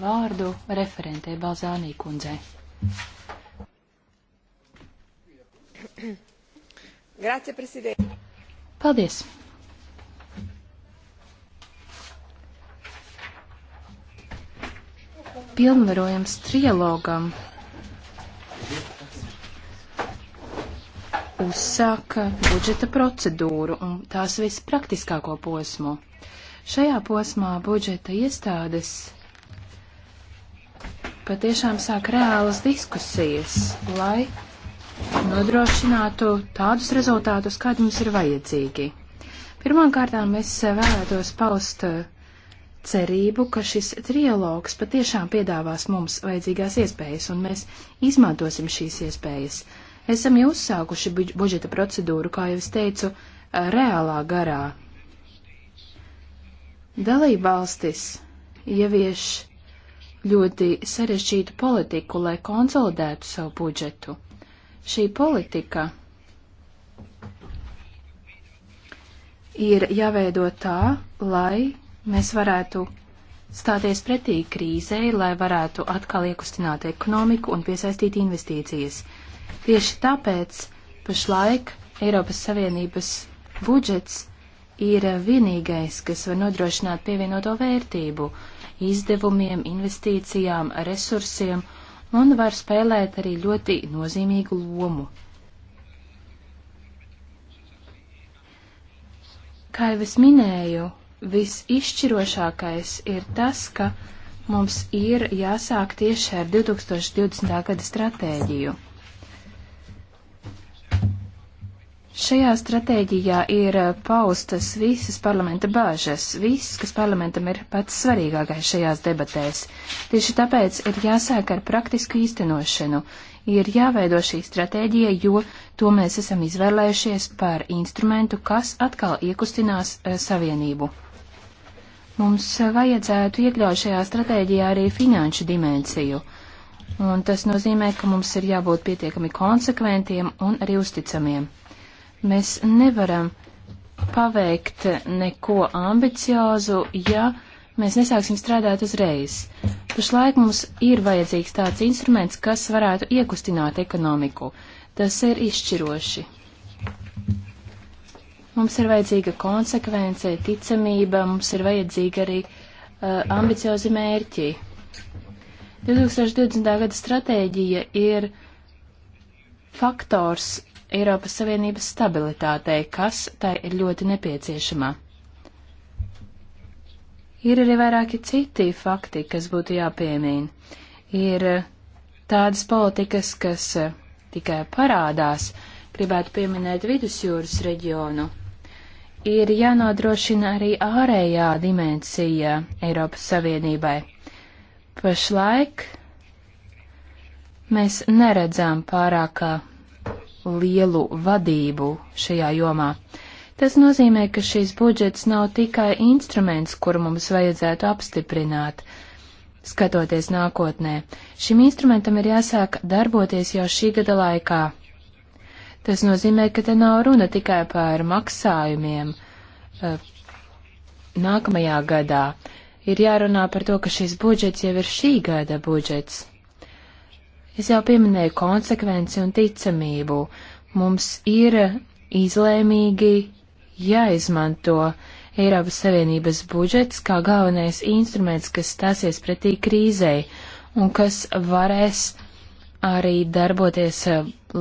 vārdu referentē Balzānī kundzē. Grācija, prezident. Paldies. Pilnvarojams trilogam uzsāka budžeta procedūru un tās vispraktiskāko posmu. Šajā posmā budžeta iestādes patiešām sāk reālas diskusijas, lai nodrošinātu tādus rezultātus, kādi mums ir vajadzīgi. Pirmkārtām es vēlētos paust eh, cerību, ka šis trialogs patiešām piedāvās mums vajadzīgās iespējas, un mēs izmantosim šīs iespējas. Esam jau uzsākuši budžeta procedūru, kā jau es teicu, eh, reālā garā. Dalībvalstis ievieš ļoti sarežģītu politiku, lai konsolidētu savu budžetu. Šī politika ir jāveido tā, lai mēs varētu stāties pretī krīzei, lai varētu atkal iekustināt ekonomiku un piesaistīt investīcijas. Tieši tāpēc pašlaik Eiropas Savienības budžets ir vienīgais, kas var nodrošināt pievienoto vērtību, uh, izdevumiem, investīcijām, resursiem un var spēlēt arī ļoti nozīmīgu lomu. Kā jau es minēju, visizšķirošākais ir tas, ka mums ir jāsāk tieši ar 2020. gada stratēģiju. Šajā stratēģijā ir eh, paustas visas parlamenta bāžas, viss, kas parlamentam ir pats svarīgākais šajās debatēs. Tieši tāpēc ir jāsāk ar praktisku īstenošanu, ir jāveido šī stratēģija, jo to mēs esam izvēlējušies par instrumentu, kas atkal iekustinās e, savienību. Mums vajadzētu iekļaut šajā stratēģijā arī finanšu dimensiju, un tas nozīmē, ka mums ir jābūt pietiekami konsekventiem un arī uzticamiem. Mēs nevaram paveikt neko ambiciozu, ja mēs nesāksim strādāt uzreiz. Pašlaik mums ir vajadzīgs tāds instruments, kas varētu iekustināt ekonomiku. Tas ir izšķiroši. Mums ir vajadzīga konsekvence, ticamība, mums ir vajadzīga arī uh, ambiciozi mērķi. 2020. gada stratēģija ir faktors, Eiropas Savienības stabilitātei, kas tai ir ļoti nepieciešama. Ir arī vairāki citi fakti, kas būtu jāpiemīna. Ir tādas politikas, kas eh, tikai parādās, gribētu pieminēt vidusjūras reģionu. Ir jānodrošina arī ārējā dimensija Eiropas Savienībai. Pašlaik mēs neredzām pārāk eh, lielu vadību šajā jomā. Tas nozīmē, ka šīs budžets nav tikai instruments, kuru mums vajadzētu apstiprināt. Skatoties nākotnē, šim instrumentam ir jāsāk darboties jau šī gada laikā. Tas nozīmē, ka te nav runa tikai par maksājumiem eh, nākamajā gadā. Ir jārunā par to, ka šis budžets jau ir šī gada budžets. Es jau pieminēju konsekvenci un ticamību. Mums ir izlēmīgi jāizmanto Eiropas Savienības budžets kā galvenais instruments, kas stāsies pretī krīzei un kas varēs arī darboties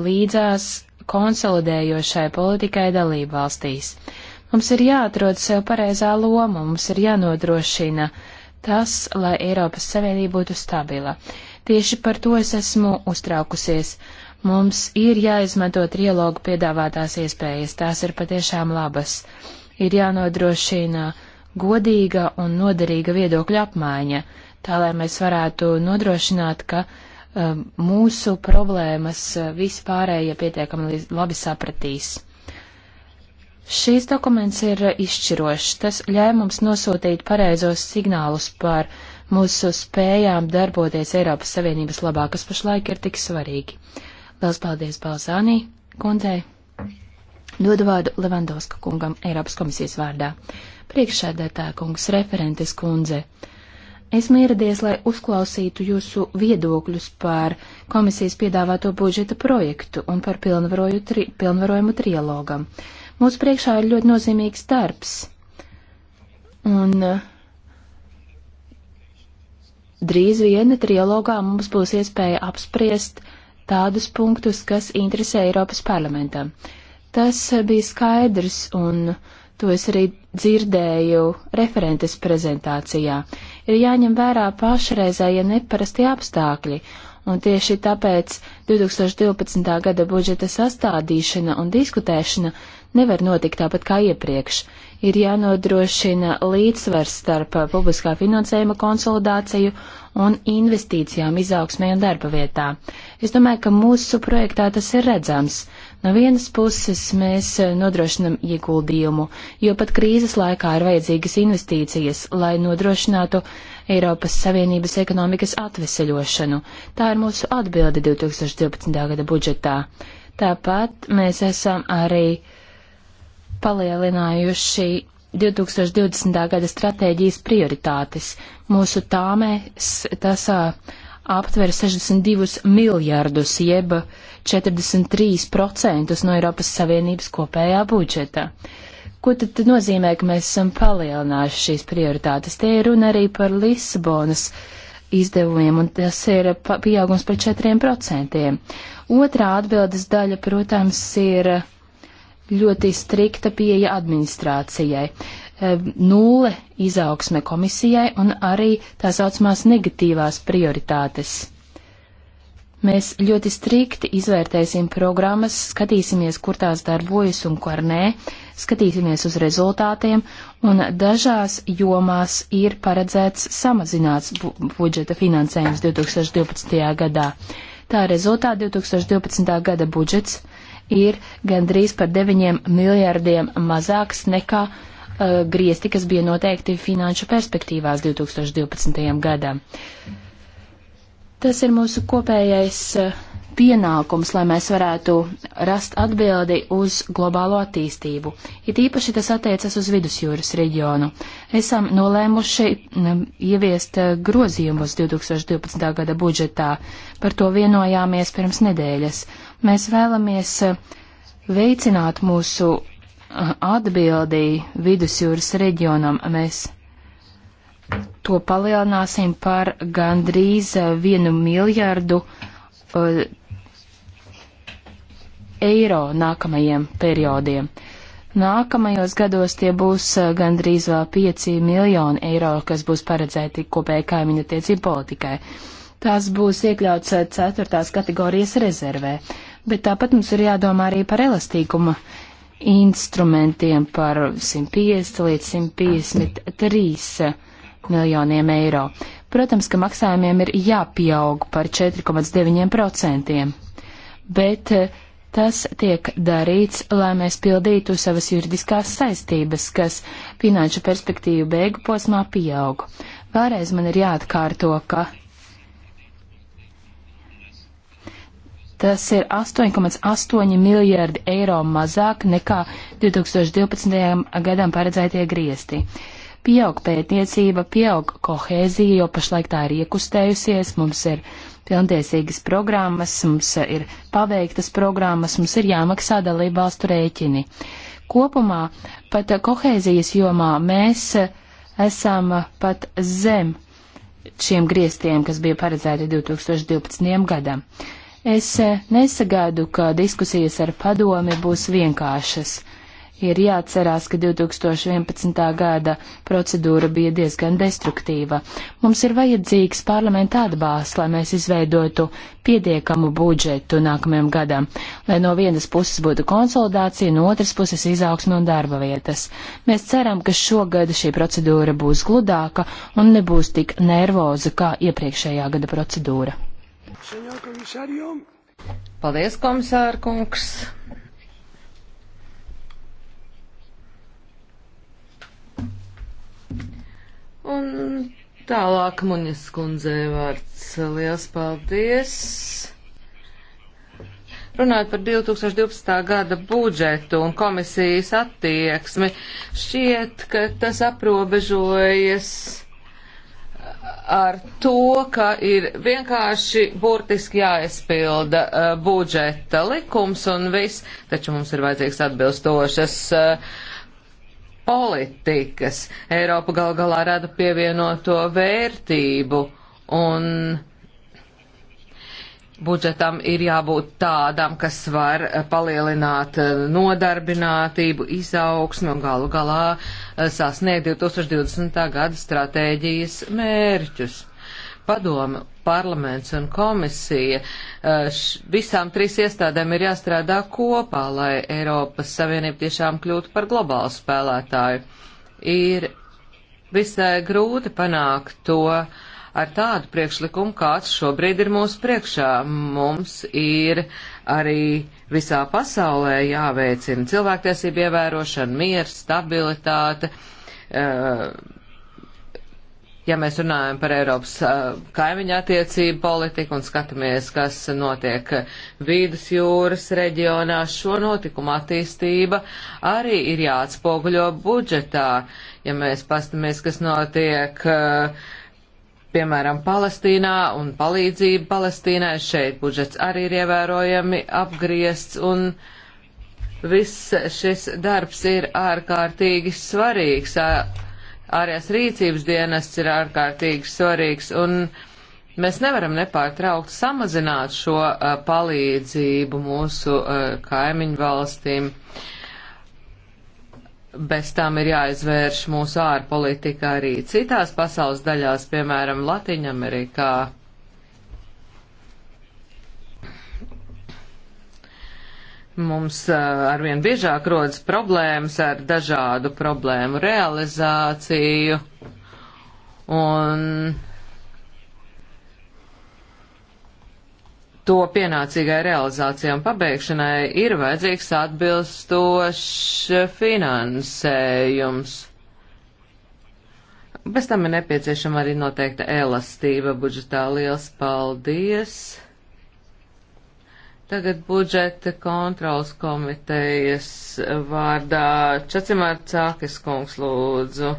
līdzās konsolidējošai politikai dalību valstīs. Mums ir jāatrod sev pareizā loma, mums ir jānodrošina tas, lai Eiropas Savienība būtu stabila. Tieši par to es esmu uztraukusies. Mums ir jāizmanto trilogu piedāvātās iespējas, tās ir patiešām labas. Ir jānodrošina godīga un noderīga viedokļa apmaiņa, tā lai mēs varētu nodrošināt, ka um, mūsu problēmas uh, vispārējie pietiekami labi sapratīs. Šīs dokuments ir uh, izšķirošs. Tas ļauj mums nosūtīt pareizos signālus par mūsu spējām darboties Eiropas Savienības labā, kas pašlaik ir tik svarīgi. Lielas paldies Balzānī kundzei. Dodu vārdu Levandovska kungam Eiropas komisijas vārdā. Priekšsēdētā kungs referentes kundze. Esmu ieradies, lai uzklausītu jūsu viedokļus par komisijas piedāvāto budžeta projektu un par tri, pilnvarojumu trialogam. Mūsu priekšā ir ļoti nozīmīgs darbs. Un uh, drīz viena trilogā mums būs iespēja apspriest tādus punktus, kas interesē Eiropas parlamentam. Tas bija skaidrs, un to es arī dzirdēju referentes prezentācijā. Ir jāņem vērā pašreizējie ja neparasti apstākļi, un tieši tāpēc 2012. gada budžeta sastādīšana un diskutēšana nevar notikt tāpat kā iepriekš. Ir jānodrošina līdzsvars starp publiskā finansējuma konsolidāciju un investīcijām izaugsmē un darba vietā. Es domāju, ka mūsu projektā tas ir redzams. No vienas puses mēs eh, nodrošinam ieguldījumu, jo pat krīzes laikā ir vajadzīgas investīcijas, lai nodrošinātu Eiropas Savienības ekonomikas atveseļošanu. Tā ir mūsu atbilde 2012. gada budžetā. Tāpat mēs esam arī palielinājuši 2020. gada stratēģijas prioritātes. Mūsu tāmē tas. Uh, aptver 62 miljardus, jeb 43% no Eiropas Savienības kopējā budžeta. Ko tad nozīmē, ka mēs esam palielinājuši šīs prioritātes? Tie ir runa arī par Lisabonas izdevumiem, un tas ir pieaugums par 4%. Otrā atbildes daļa, protams, ir ļoti strikta pieeja administrācijai. Eh, nulle izaugsme komisijai un arī tā saucamās negatīvās prioritātes. Mēs ļoti strikti izvērtēsim programmas, skatīsimies, kur tās darbojas un kur nē, skatīsimies uz rezultātiem, un dažās jomās ir paredzēts samazināts bu budžeta finansējums 2012. gadā. Tā rezultātā 2012. gada budžets ir gandrīz par 9 miljārdiem mazāks nekā Uh, griezti, kas bija noteikti finanšu perspektīvās 2012. gadam. Tas ir mūsu kopējais uh, pienākums, lai mēs varētu rast atbildi uz globālo attīstību. It īpaši tas attiecas uz vidusjūras reģionu. Esam nolēmuši um, ieviest uh, grozījumus 2012. gada budžetā. Par to vienojāmies pirms nedēļas. Mēs vēlamies veicināt mūsu atbildi vidusjūras reģionam mēs to palielināsim par gandrīz vienu miljardu uh, eiro nākamajiem periodiem. Nākamajos gados tie būs uh, gandrīz vēl 5 miljoni eiro, kas būs paredzēti kopēji kaimiņa tiecību politikai. Tās būs iekļauts uh, ceturtās kategorijas rezervē, bet tāpat mums ir jādomā arī par elastīguma uh, instrumentiem par 150 līdz 153 miljoniem eiro. Protams, ka maksājumiem ir jāpieaug par 4,9%, bet eh, tas tiek darīts, lai mēs pildītu savas juridiskās saistības, kas finanšu perspektīvu beigu posmā pieaug. Vēlreiz man ir jāatkārto, ka Tas ir 8,8 miljardi eiro mazāk nekā 2012. gadam paredzētie griezti. Pieaug pētniecība, pieaug kohēzija, jo pašlaik tā ir iekustējusies, mums ir pilntiesīgas programmas, mums ir paveiktas programmas, mums ir jāmaksā dalība valstu rēķini. Kopumā pat kohēzijas jomā mēs esam pat zem šiem griestiem, kas bija paredzēti 2012. gadam. Es eh, nesagaidu, ka diskusijas ar padomi būs vienkāršas. Ir jāatcerās, ka 2011. gada procedūra bija diezgan destruktīva. Mums ir vajadzīgs parlamenta atbalsts, lai mēs izveidotu pietiekamu budžetu nākamajam gadam, lai no vienas puses būtu konsolidācija, no otras puses izaugsme un darba vietas. Mēs ceram, ka šogad šī procedūra būs gludāka un nebūs tik nervoza kā iepriekšējā gada procedūra. Paldies, komisāra kungs! Un tālāk Muņas kundzei vārds. Liels paldies! Runājot par 2012. gada budžetu un komisijas attieksmi, šķiet, ka tas aprobežojas ar to, ka ir vienkārši burtiski jāizpilda uh, budžeta likums un viss, taču mums ir vajadzīgs atbilstošas uh, politikas. Eiropa gal galā rada pievienoto vērtību un uh, budžetam ir jābūt tādam, kas var palielināt eh, nodarbinātību, izaugsmi un galu galā eh, sasniegt 2020. gada stratēģijas mērķus. Padome, parlaments un komisija eh, visām trīs iestādēm ir jāstrādā kopā, lai Eiropas Savienība tiešām kļūtu par globālu spēlētāju. Ir visai grūti panākt to, uh, ar tādu priekšlikumu, kāds šobrīd ir mūsu priekšā. Mums ir arī visā pasaulē jāveicina cilvēktiesība ievērošana, mieru, stabilitāte. Eh, ja mēs runājam par Eiropas eh, kaimiņa attiecību politiku un skatāmies, kas notiek vīdus jūras reģionā, šo notikumu attīstība arī ir jāatspoguļo budžetā. Ja mēs pastamies, kas notiek uh, piemēram, Palestīnā un palīdzību Palestīnai. Šeit budžets arī ir ievērojami apgriezts un viss šis darbs ir ārkārtīgi svarīgs. Ārējās rīcības dienests ir ārkārtīgi svarīgs un mēs nevaram nepārtraukt samazināt šo palīdzību mūsu kaimiņu valstīm. Uh, Bez tam ir jāizvērš mūsu ārpolitika arī citās pasaules daļās, piemēram, Latviņamerikā. Mums eh, arvien biežāk rodas problēmas ar dažādu problēmu realizāciju un to pienācīgai realizācijai un pabeigšanai ir vajadzīgs atbilstošs finansējums. Bez tam ir nepieciešama arī noteikta elastība budžetā. Liels paldies! Tagad budžeta kontrols komitejas vārdā Čacimār Cākis kungs lūdzu.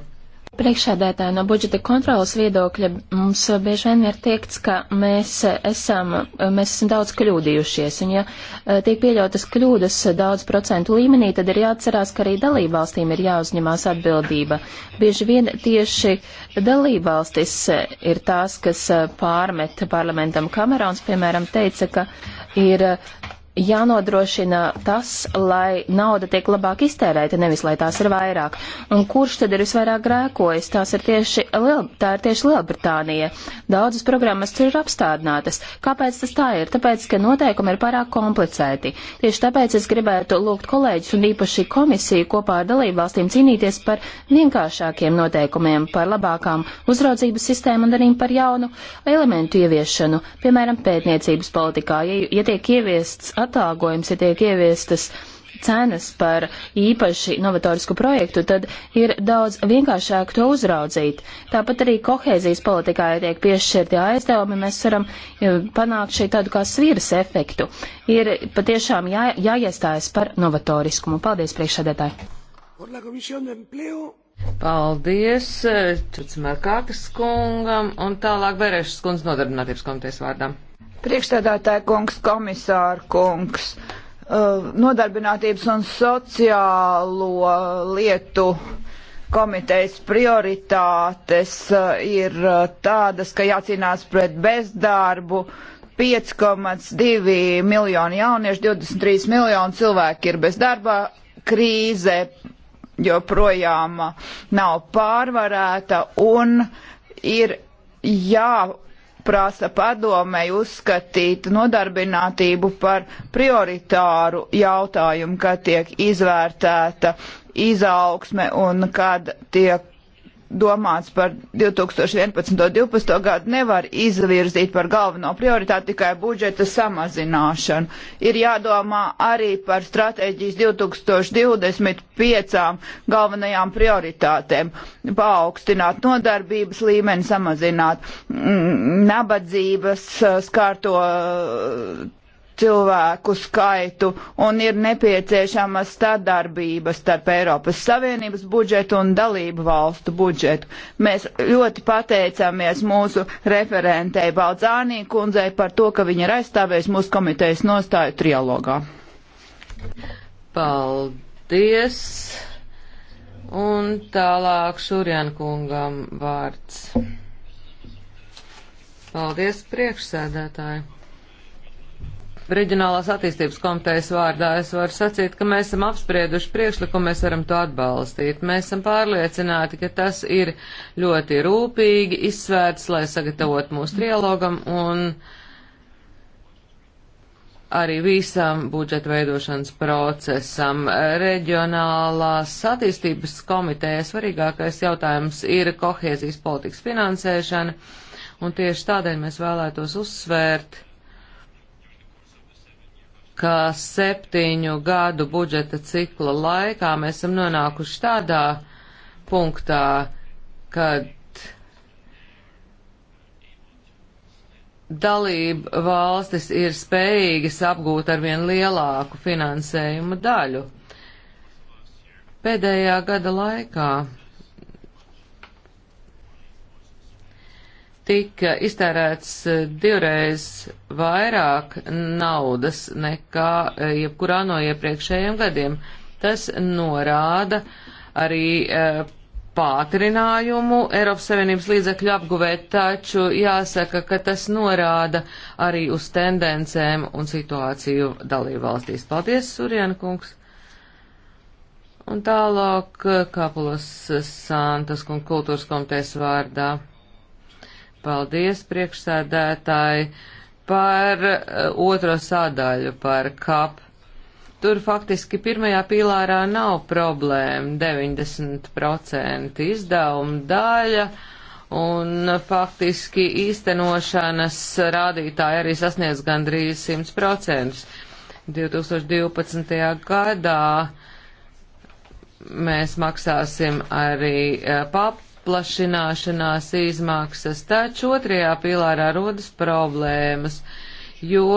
Priekšādētā no budžeta kontrolas viedokļa mums bieži vien ir tiekts, ka mēs esam, mēs esam daudz kļūdījušies, un ja eh, tiek pieļautas kļūdas daudz procentu līmenī, tad ir jāatcerās, ka arī dalībvalstīm ir jāuzņemās atbildība. Bieži vien tieši dalībvalstis ir tās, kas eh, pārmet parlamentam Kamerons, piemēram, teica, ka ir jānodrošina tas, lai nauda tiek labāk iztērēta, nevis lai tās ir vairāk. Un kurš tad ir visvairāk grēkojas? Tās ir tieši, Liel, tā ir tieši Lielbritānija. Daudzas programmas tur ir apstādinātas. Kāpēc tas tā ir? Tāpēc, ka noteikumi ir pārāk komplicēti. Tieši tāpēc es gribētu lūgt kolēģis un īpaši komisiju kopā ar dalību valstīm cīnīties par vienkāršākiem noteikumiem, par labākām uzraudzības sistēmu un arī par jaunu elementu ieviešanu, piemēram, pētniecības politikā. Ja, ja tiek ieviests atalgojums, ja tiek ieviestas cenas par īpaši novatorisku projektu, tad ir daudz vienkāršāk to uzraudzīt. Tāpat arī kohēzijas politikā, ja tiek piešķirti aizdevumi, mēs varam e, panākt šeit tādu kā svīras efektu. Ir patiešām jā, jāiestājas par novatoriskumu. Paldies, priekšsēdētāji! Paldies Čucmēr e, Kākas kungam un tālāk Vērēšas kundas nodarbinātības komitejas vārdām. Priekšstādātāja kungs, komisāra kungs, uh, nodarbinātības un sociālo lietu komitejas prioritātes uh, ir uh, tādas, ka jācīnās pret bezdarbu. 5,2 miljoni jauniešu, 23 miljoni cilvēki ir bez darba, krīze joprojām nav pārvarēta un ir jā prasa padomēji uzskatīt nodarbinātību par prioritāru jautājumu, kad tiek izvērtēta izaugsme un kad tiek domāts par 2011. un 2012. gadu, nevar izvirzīt par galveno prioritāti tikai budžeta samazināšanu. Ir jādomā arī par stratēģijas 2025 galvenajām prioritātēm - paaugstināt nodarbības līmeni, samazināt mm, nabadzības eh, skārto cilvēku skaitu un ir nepieciešama sadarbība starp Eiropas Savienības budžetu un dalību valstu budžetu. Mēs ļoti pateicamies mūsu referentei Baldzānī kundzei par to, ka viņa ir aizstāvējusi mūsu komitejas nostāju trialogā. Paldies! Un tālāk Šurjan kungam vārds. Paldies priekšsēdētāji! Reģionālās attīstības komitejas vārdā es varu sacīt, ka mēs esam apsprieduši priekšlikumu, mēs varam to atbalstīt. Mēs esam pārliecināti, ka tas ir ļoti rūpīgi izsvērts, lai sagatavot mūsu trialogam un arī visam budžeta veidošanas procesam. Reģionālās attīstības komitejas svarīgākais jautājums ir kohēzijas politikas finansēšana, un tieši tādēļ mēs vēlētos uzsvērt, ka septiņu gadu budžeta cikla laikā mēs esam nonākuši tādā punktā, kad dalība valstis ir spējīgas apgūt arvien lielāku finansējumu daļu. Pēdējā gada laikā tika iztērēts eh, divreiz vairāk naudas nekā eh, jebkurā no iepriekšējiem gadiem. Tas norāda arī eh, pātrinājumu Eiropas Savienības līdzekļu apguvē, taču jāsaka, ka tas norāda arī uz tendencēm un situāciju dalībvalstīs. Paldies, Surjana kungs! Un tālāk Kapulas Santas un kultūras komitejas vārdā. Paldies, priekšsēdētāji, par eh, otro sādaļu, par kap. Tur faktiski pirmajā pīlārā nav problēma, 90% izdevuma daļa un faktiski īstenošanas rādītāji arī sasniedz gandrīz 100%. 2012. gadā mēs maksāsim arī eh, pap paplašināšanās izmaksas, taču otrajā pilārā rodas problēmas, jo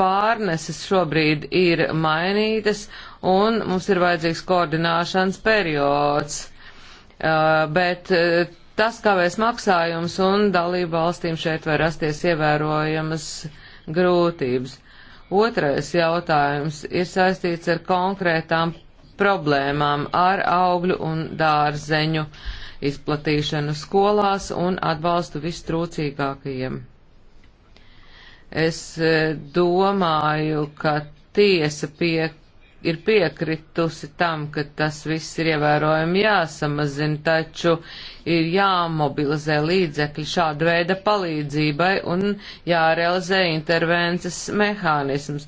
pārneses šobrīd ir mainītas un mums ir vajadzīgs koordināšanas periods. Uh, bet uh, tas kavēs maksājums un dalību valstīm šeit var rasties ievērojamas grūtības. Otrais jautājums ir saistīts ar konkrētām problēmām ar augļu un dārzeņu uh, izplatīšanu skolās un atbalstu vistrūcīgākajiem. Es e, domāju, ka tiesa pie, ir piekritusi tam, ka tas viss ir ievērojami jāsamazina, taču ir jāmobilizē līdzekļi šāda veida palīdzībai un jārealizē intervences mehānisms.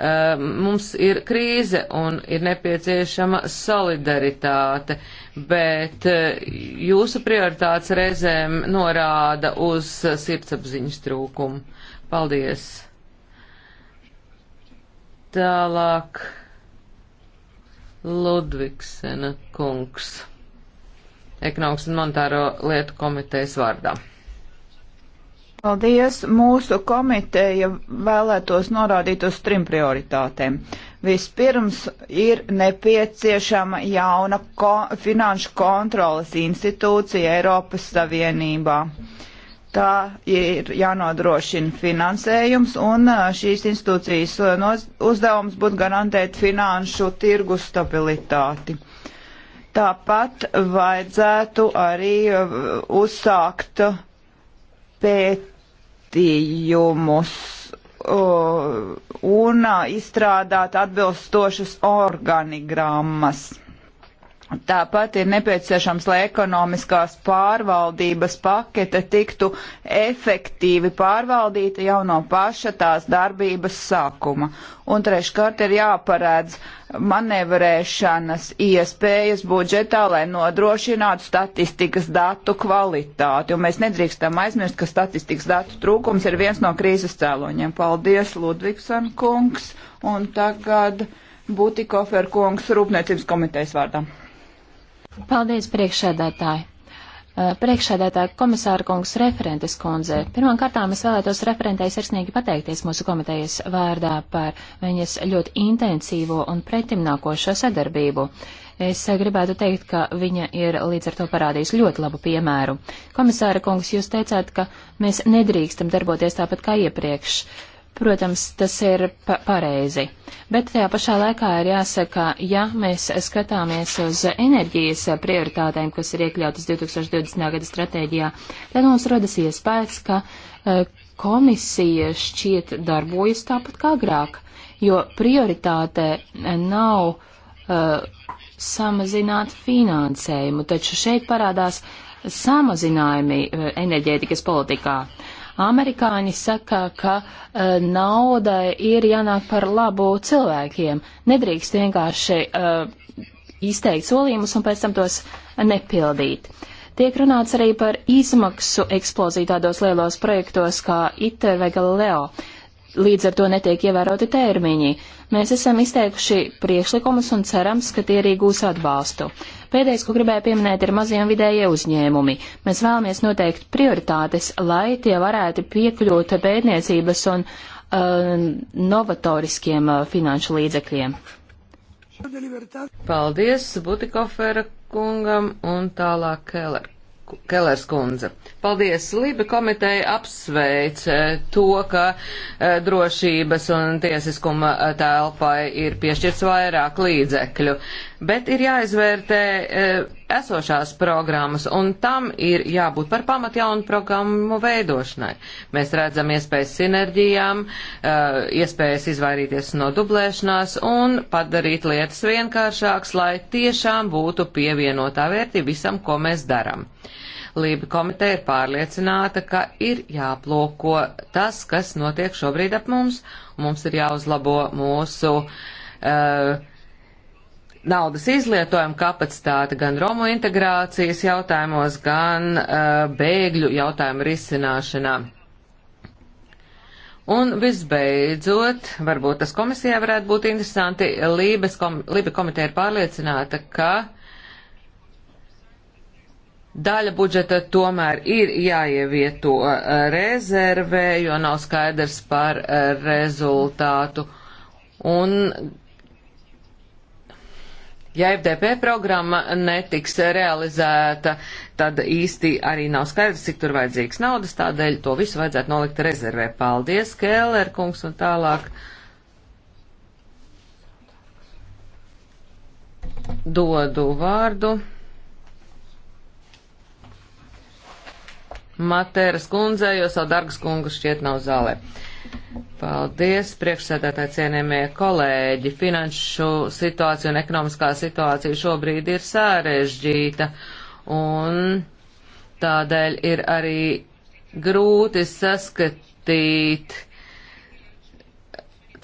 Uh, mums ir krīze un ir nepieciešama solidaritāte. Uh, bet eh, jūsu prioritātes reizēm norāda uz sirdsapziņas trūkumu. Paldies! Tālāk Ludvigsena kungs, ekonomikas un monetāro lietu komitejas vārdā. Paldies! Mūsu komiteja vēlētos norādīt uz trim prioritātēm. Vispirms ir nepieciešama jauna ko finanšu kontrolas institūcija Eiropas Savienībā. Tā ir jānodrošina finansējums, un šīs institūcijas uzdevums būtu garantēt finanšu tirgu stabilitāti. Tāpat vajadzētu arī uzsākt pēt pētījumus uh, un uh, izstrādāt atbilstošas organigrammas. Tāpat ir nepieciešams, lai ekonomiskās pārvaldības pakete tiktu efektīvi pārvaldīta jau no paša tās darbības sākuma. Un treškārt ir jāparēdz manevrēšanas iespējas budžetā, lai nodrošinātu statistikas datu kvalitāti. Un mēs nedrīkstam aizmirst, ka statistikas datu trūkums ir viens no krīzes cēloņiem. Paldies, Ludvigson kungs! Un tagad Būtikofer kungs Rūpniecības komitejas vārdā. Paldies, priekšsēdētāji! Uh, Priekšsēdētāja komisāra kungs referentes kundze. Pirmkārtām es vēlētos referentei sirsnīgi pateikties mūsu komitejas vārdā par viņas ļoti intensīvo un pretimnākošo sadarbību. Es gribētu teikt, ka viņa ir līdz ar to parādījusi ļoti labu piemēru. Komisāra kungs, jūs teicāt, ka mēs nedrīkstam darboties tāpat kā iepriekš. Uh, Protams, tas ir pa pareizi. Bet tajā pašā laikā ir jāsaka, ja mēs skatāmies uz enerģijas prioritātēm, kas ir iekļautas 2020. gada stratēģijā, tad mums rodas iespējas, ka e, komisija šķiet darbojas tāpat kā agrāk, jo prioritāte nav uh, samazināt finansējumu, taču šeit parādās samazinājumi e, enerģētikas politikā. Uh, Amerikāņi saka, ka uh, e, naudai ir jānāk par labu cilvēkiem. Nedrīkst vienkārši uh, izteikt solījumus un pēc tam tos nepildīt. Tiek runāts arī par izmaksu eksploziju tādos lielos projektos kā ITER vai Galileo. Līdz ar to netiek ievēroti termiņi. Mēs esam izteikuši priekšlikumus un cerams, ka tie arī gūs atbalstu. Uh, Pēdējais, ko gribēju pieminēt, ir mazie un vidējie uzņēmumi. Mēs vēlamies noteikt prioritātes, lai tie varētu piekļūt pētniecības un uh, novatoriskiem uh, finanšu līdzekļiem. Paldies Butikofera kungam un tālāk Keller Kellers kundze. Paldies! Liba komiteja apsveic eh, to, ka eh, drošības un tiesiskuma eh, telpai ir piešķirts vairāk līdzekļu, bet ir jāizvērtē esošās programmas, un tam ir jābūt par pamatu jaunu programmu veidošanai. Mēs redzam iespējas sinerģijām, eh, iespējas izvairīties no dublēšanās un padarīt lietas vienkāršākas, lai tiešām būtu pievienotā vērtība visam, ko mēs darām. Lība komiteja ir pārliecināta, ka ir jāplūko tas, kas notiek šobrīd ap mums, un mums ir jāuzlabo mūsu uh, naudas izlietojuma kapacitāte gan Romu integrācijas jautājumos, gan uh, bēgļu jautājumu risināšanā. Un visbeidzot, varbūt tas komisijā varētu būt interesanti, Lībes kom Lība komiteja ir pārliecināta, ka daļa budžeta tomēr ir jāievieto uh, rezervē, jo nav skaidrs par uh, rezultātu. Un Ja FDP programma netiks realizēta, tad īsti arī nav skaidrs, cik tur vajadzīgs naudas, tādēļ to visu vajadzētu nolikt rezervē. Paldies, Kēler kungs, un tālāk dodu vārdu. Matēras kundze, jo savu dargas kungu šķiet nav zālē. Uh, Paldies, priekšsēdētāji cienījamie kolēģi. Finanšu situācija un ekonomiskā situācija šobrīd ir sārežģīta un tādēļ ir arī grūti saskatīt,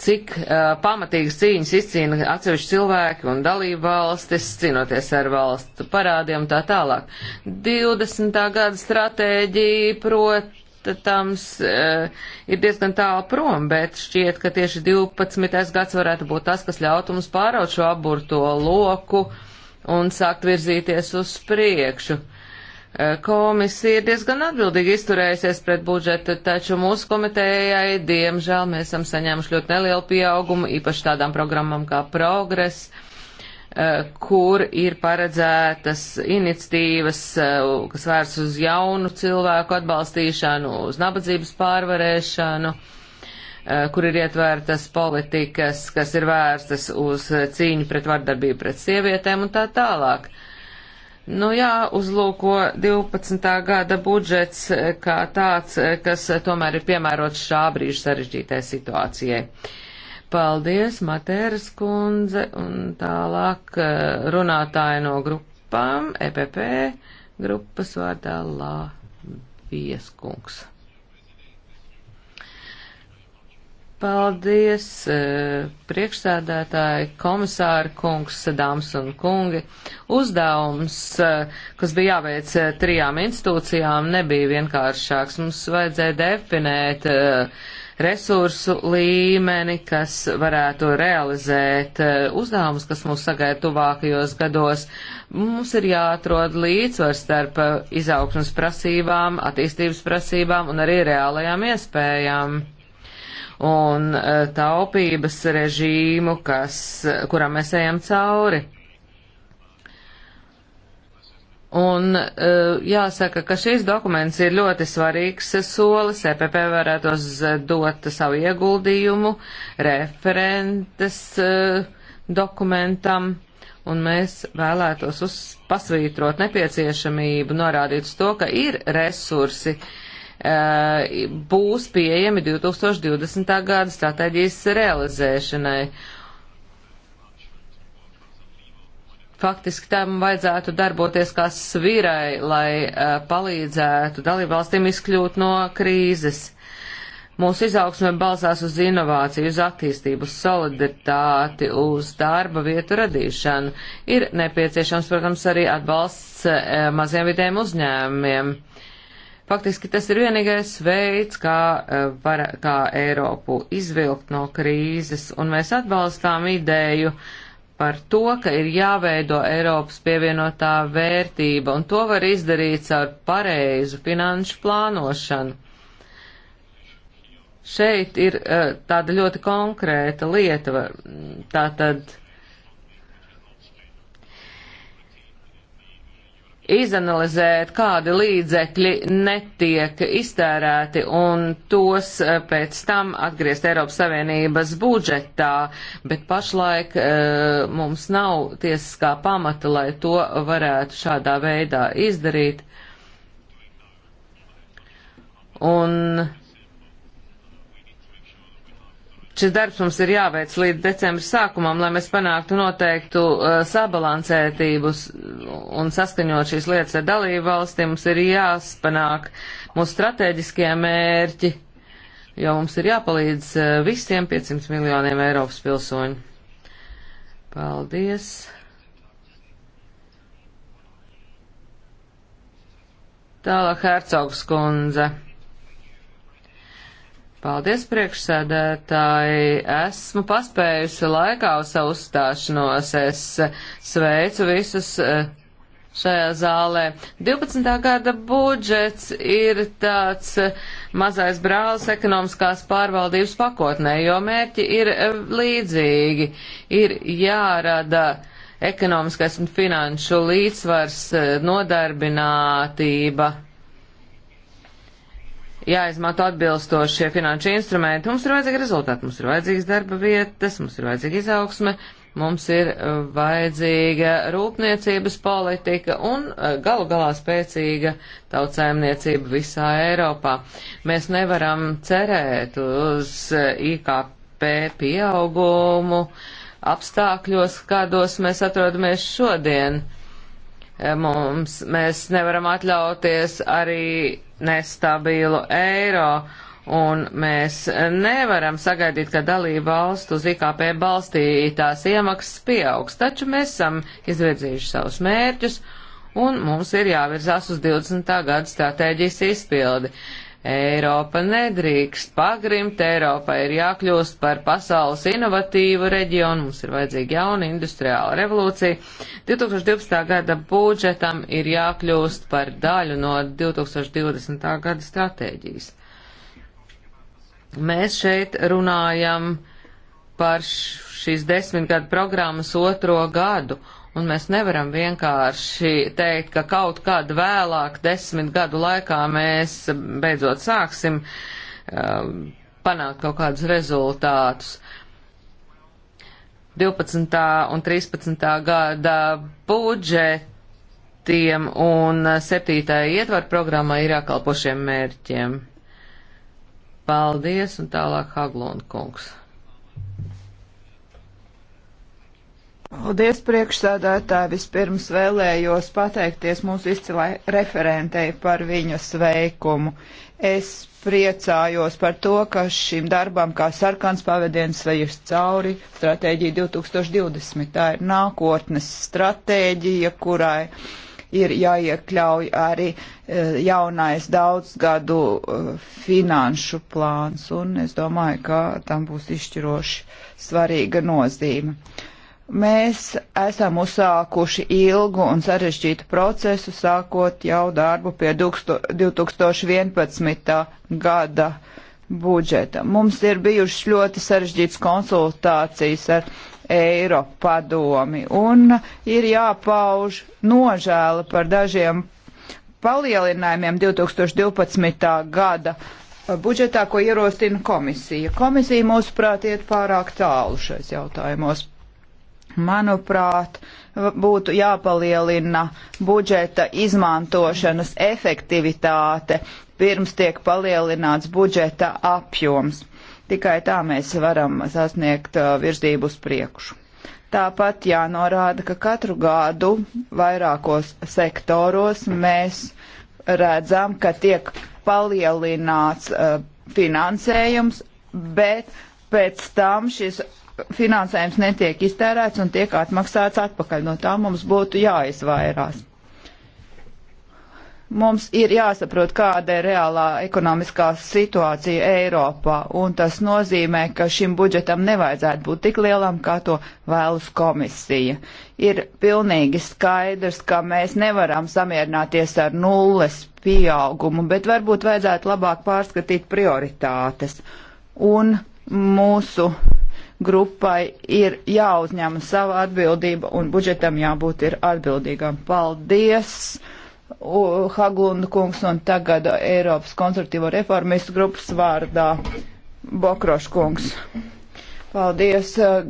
cik uh, pamatīgas cīņas izcīna atsevišķi cilvēki un dalība valstis, cīnoties ar valstu parādiem tā tālāk. 20. gada stratēģija, protams, protams, eh, ir diezgan tālu prom, bet šķiet, ka tieši 12. gads varētu būt tas, kas ļautu mums pāraut šo aburto loku un sākt virzīties uz priekšu. Eh, komisija ir diezgan atbildīgi izturējusies pret budžetu, taču mūsu komitējai, diemžēl, mēs esam saņēmuši ļoti nelielu pieaugumu, īpaši tādām programmām kā progress Eh, kur ir paredzētas iniciatīvas, eh, kas vērts uz jaunu cilvēku atbalstīšanu, uz nabadzības pārvarēšanu, eh, kur ir ietvērtas politikas, kas ir vērstas uz cīņu pret vardarbību pret sievietēm un tā tālāk. Nu jā, uzlūko 12. gada budžets kā tāds, kas tomēr ir piemērots šā brīža sarežģītai situācijai. Uh, Paldies, Matēras kundze, un tālāk eh, runātāji no grupām, EPP grupas vārdā Lāvies kungs. Paldies, eh, priekšsēdētāji, komisāri kungs, dāmas un kungi. Uzdevums, eh, kas bija jāveic trijām institūcijām, nebija vienkāršāks. Mums vajadzēja definēt uh, resursu līmeni, kas varētu realizēt eh, uzdevumus, kas mūs sagaida tuvākajos gados. Mums ir jāatrod līdzsvars starp eh, izaugsmas prasībām, attīstības prasībām un arī reālajām iespējām un eh, taupības režīmu, kas, kuram mēs ejam cauri. Un eh, jāsaka, ka šis dokuments ir ļoti svarīgs solis. EPP varētos dot savu ieguldījumu referentes eh, dokumentam un mēs vēlētos uz, pasvītrot nepieciešamību, norādīt uz to, ka ir resursi, eh, būs pieejami 2020. gada stratēģijas realizēšanai. faktiski tam vajadzētu darboties kā svirai, lai uh, palīdzētu dalībvalstīm izkļūt no krīzes. Mūsu izaugsme balsās uz inovāciju, uz attīstību, uz solidaritāti, uz darba vietu radīšanu. Ir nepieciešams, protams, arī atbalsts uh, maziem vidiem uzņēmumiem. Faktiski tas ir vienīgais veids, kā, uh, var, kā Eiropu izvilkt no krīzes, un mēs atbalstām ideju uh, par to, ka ir jāveido Eiropas pievienotā vērtība, un to var izdarīt caur pareizu finanšu plānošanu. Šeit ir uh, tāda ļoti konkrēta lieta, tātad izanalizēt, kādi līdzekļi netiek iztērēti un tos eh, pēc tam atgriezt Eiropas Savienības budžetā, bet pašlaik uh, mums nav tiesiskā pamata, lai to varētu šādā veidā izdarīt. Un uh, Šis darbs mums ir jāveic līdz decembra sākumam, lai mēs panāktu noteiktu uh, sabalansētības un saskaņot šīs lietas ar dalību valstīm. Mums ir jāspanāk mūsu strateģiskie mērķi, jo mums ir jāpalīdz uh, visiem 500 miljoniem Eiropas pilsoņu. Paldies! Tālāk Hercogs kundze. Paldies, priekšsēdētāji. Esmu paspējusi laikā uz savu uzstāšanos. Es sveicu visus eh, šajā zālē. 12. gada budžets ir tāds eh, mazais brālis ekonomiskās pārvaldības pakotnē, jo mērķi ir eh, līdzīgi. Ir jārada ekonomiskais un finanšu līdzsvars, nodarbinātība jāizmanto atbilstošie finanšu instrumenti. Mums ir vajadzīgi rezultāti, mums ir vajadzīgas darba vietas, mums ir vajadzīga izaugsme, mums ir uh, vajadzīga rūpniecības politika un uh, galu galā spēcīga tautsēmniecība visā Eiropā. Mēs nevaram cerēt uz uh, IKP pieaugumu apstākļos, kādos mēs atrodamies šodien. Uh, Eh, mums, mēs nevaram atļauties arī nestabilu eiro, un mēs nevaram sagaidīt, ka dalība valstu uz IKP balstītās iemaksas pieaugs, taču mēs esam izvirzījuši savus mērķus, un mums ir jāvirzās uz 20. gada stratēģijas izpildi. Eiropa nedrīkst pagrimt, Eiropa ir jākļūst par pasaules inovatīvu reģionu, mums ir vajadzīga jauna industriāla revolūcija. 2012. gada budžetam ir jākļūst par daļu no 2020. gada stratēģijas. Mēs šeit runājam par šīs desmitgada programmas otro gadu Un mēs nevaram vienkārši teikt, ka kaut kad vēlāk, desmit gadu laikā, mēs beidzot sāksim uh, panākt kaut kādus rezultātus. 12. un 13. gada budžetiem un 7. ietvaru programmā ir jākalpo šiem mērķiem. Paldies un tālāk Haglund kungs. Paldies, priekšsādātāji. Vispirms vēlējos pateikties mūsu izcilai referentei par viņas veikumu. Es priecājos par to, ka šim darbam kā sarkans pavadiens lejas cauri stratēģija 2020. Tā ir nākotnes stratēģija, kurai ir jāiekļauj arī e, jaunais daudzgadu e, finanšu plāns, un es domāju, ka tam būs izšķiroši svarīga nozīme. Mēs esam uzsākuši ilgu un sarežģītu procesu, sākot jau darbu pie 2011. gada budžeta. Mums ir bijušas ļoti sarežģītas konsultācijas ar Eiropadomi un ir jāpauž nožēla par dažiem palielinājumiem 2012. gada budžetā, ko ierostina komisija. Komisija, mūsuprāt, iet pārāk tālu šais jautājumos Manuprāt, būtu jāpalielina budžeta izmantošanas efektivitāte, pirms tiek palielināts budžeta apjoms. Tikai tā mēs varam sasniegt uh, virzību uz priekšu. Tāpat jānorāda, ka katru gadu vairākos sektoros mēs redzam, ka tiek palielināts uh, finansējums, bet pēc tam šis finansējums netiek iztērēts un tiek atmaksāts atpakaļ. No tā mums būtu jāizvairās. Mums ir jāsaprot, kāda ir reālā ekonomiskā situācija Eiropā, un tas nozīmē, ka šim budžetam nevajadzētu būt tik lielam, kā to vēlas komisija. Ir pilnīgi skaidrs, ka mēs nevaram samierināties ar nulles pieaugumu, bet varbūt vajadzētu labāk pārskatīt prioritātes. Un mūsu grupai ir jāuzņem sava atbildība un budžetam jābūt ir atbildīgam. Paldies, uh, Haglunda kungs, un tagad Eiropas konservatīvo reformistu grupas vārdā Bokroš kungs. Paldies, uh,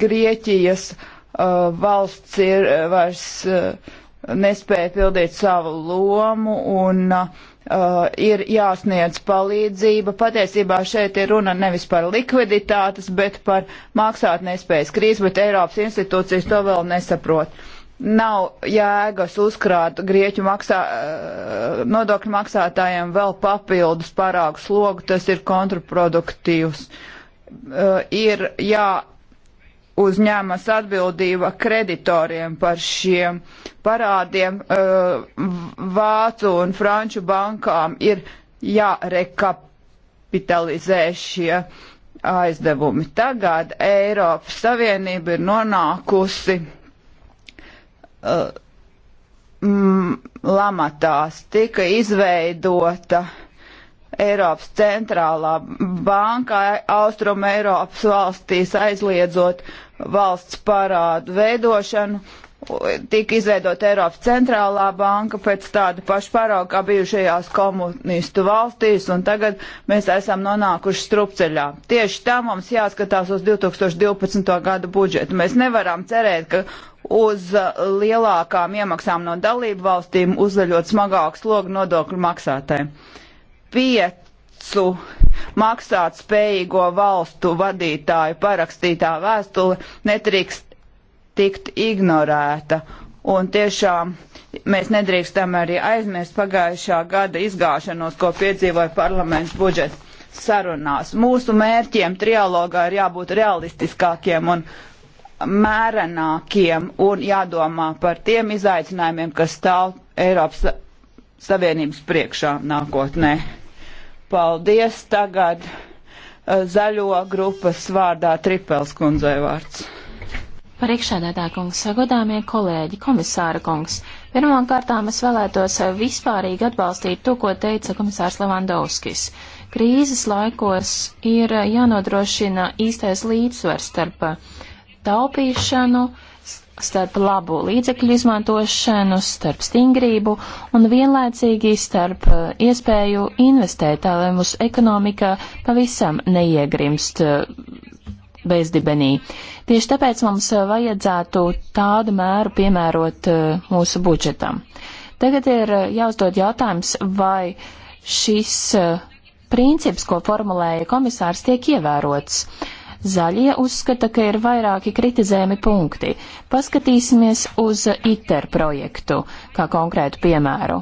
Grieķijas uh, valsts ir uh, vairs uh, nespēja pildīt savu lomu un uh, uh, ir jāsniedz palīdzība. Patiesībā šeit ir runa nevis par likviditātes, bet par maksātnespējas krīzi, bet Eiropas institūcijas to vēl nesaprot. Nav jēgas uzkrāt grieķu maksā, uh, nodokļu maksātājiem vēl papildus parāgu slogu, tas ir kontraproduktīvs. Uh, ir jā uzņēmas atbildība kreditoriem par šiem parādiem. Vācu un franču bankām ir jārekapitalizē šie aizdevumi. Tagad Eiropas Savienība ir nonākusi uh, lamatās, tika izveidota uh, Eiropas centrālā bankā Austrum Eiropas valstīs aizliedzot valsts parādu veidošanu. Tika izveidota Eiropas centrālā banka pēc tāda paša parauga kā bijušajās komunistu valstīs, un tagad mēs esam nonākuši strupceļā. Tieši tā mums jāskatās uz 2012. gada budžetu. Mēs nevaram cerēt, ka uz lielākām iemaksām no dalību valstīm uzdaļot smagāku slogu nodokļu maksātājiem piecu maksāt spējīgo valstu vadītāju parakstītā vēstule netrīkst tikt ignorēta. Un tiešām mēs nedrīkstam arī aizmirst pagājušā gada izgāšanos, ko piedzīvoja parlaments budžets sarunās. Mūsu mērķiem trialogā ir jābūt realistiskākiem un mērenākiem un jādomā par tiem izaicinājumiem, kas stāv Eiropas Savienības priekšā nākotnē. Paldies tagad eh, zaļo grupas vārdā Tripels kundzei vārds. Priekšēdētā kungs, godāmie kolēģi, komisāra kungs, pirmām kārtām es vēlētos eh, vispārīgi atbalstīt to, ko teica komisārs Levandovskis. Krīzes laikos ir eh, jānodrošina īstais līdzsvars starp taupīšanu, uh, starp labu līdzekļu izmantošanu, starp stingrību un vienlaicīgi starp eh, iespēju investēt, tā lai mūsu ekonomika pavisam neiegrimst eh, bezdibenī. Tieši tāpēc mums vajadzētu tādu mēru piemērot eh, mūsu budžetam. Tagad ir jāuzdod jautājums, vai šis princips, ko formulēja komisārs, tiek ievērots. Uh, Zaļie uzskata, ka ir vairāki kritizējami punkti. Paskatīsimies uz ITER projektu kā konkrētu piemēru.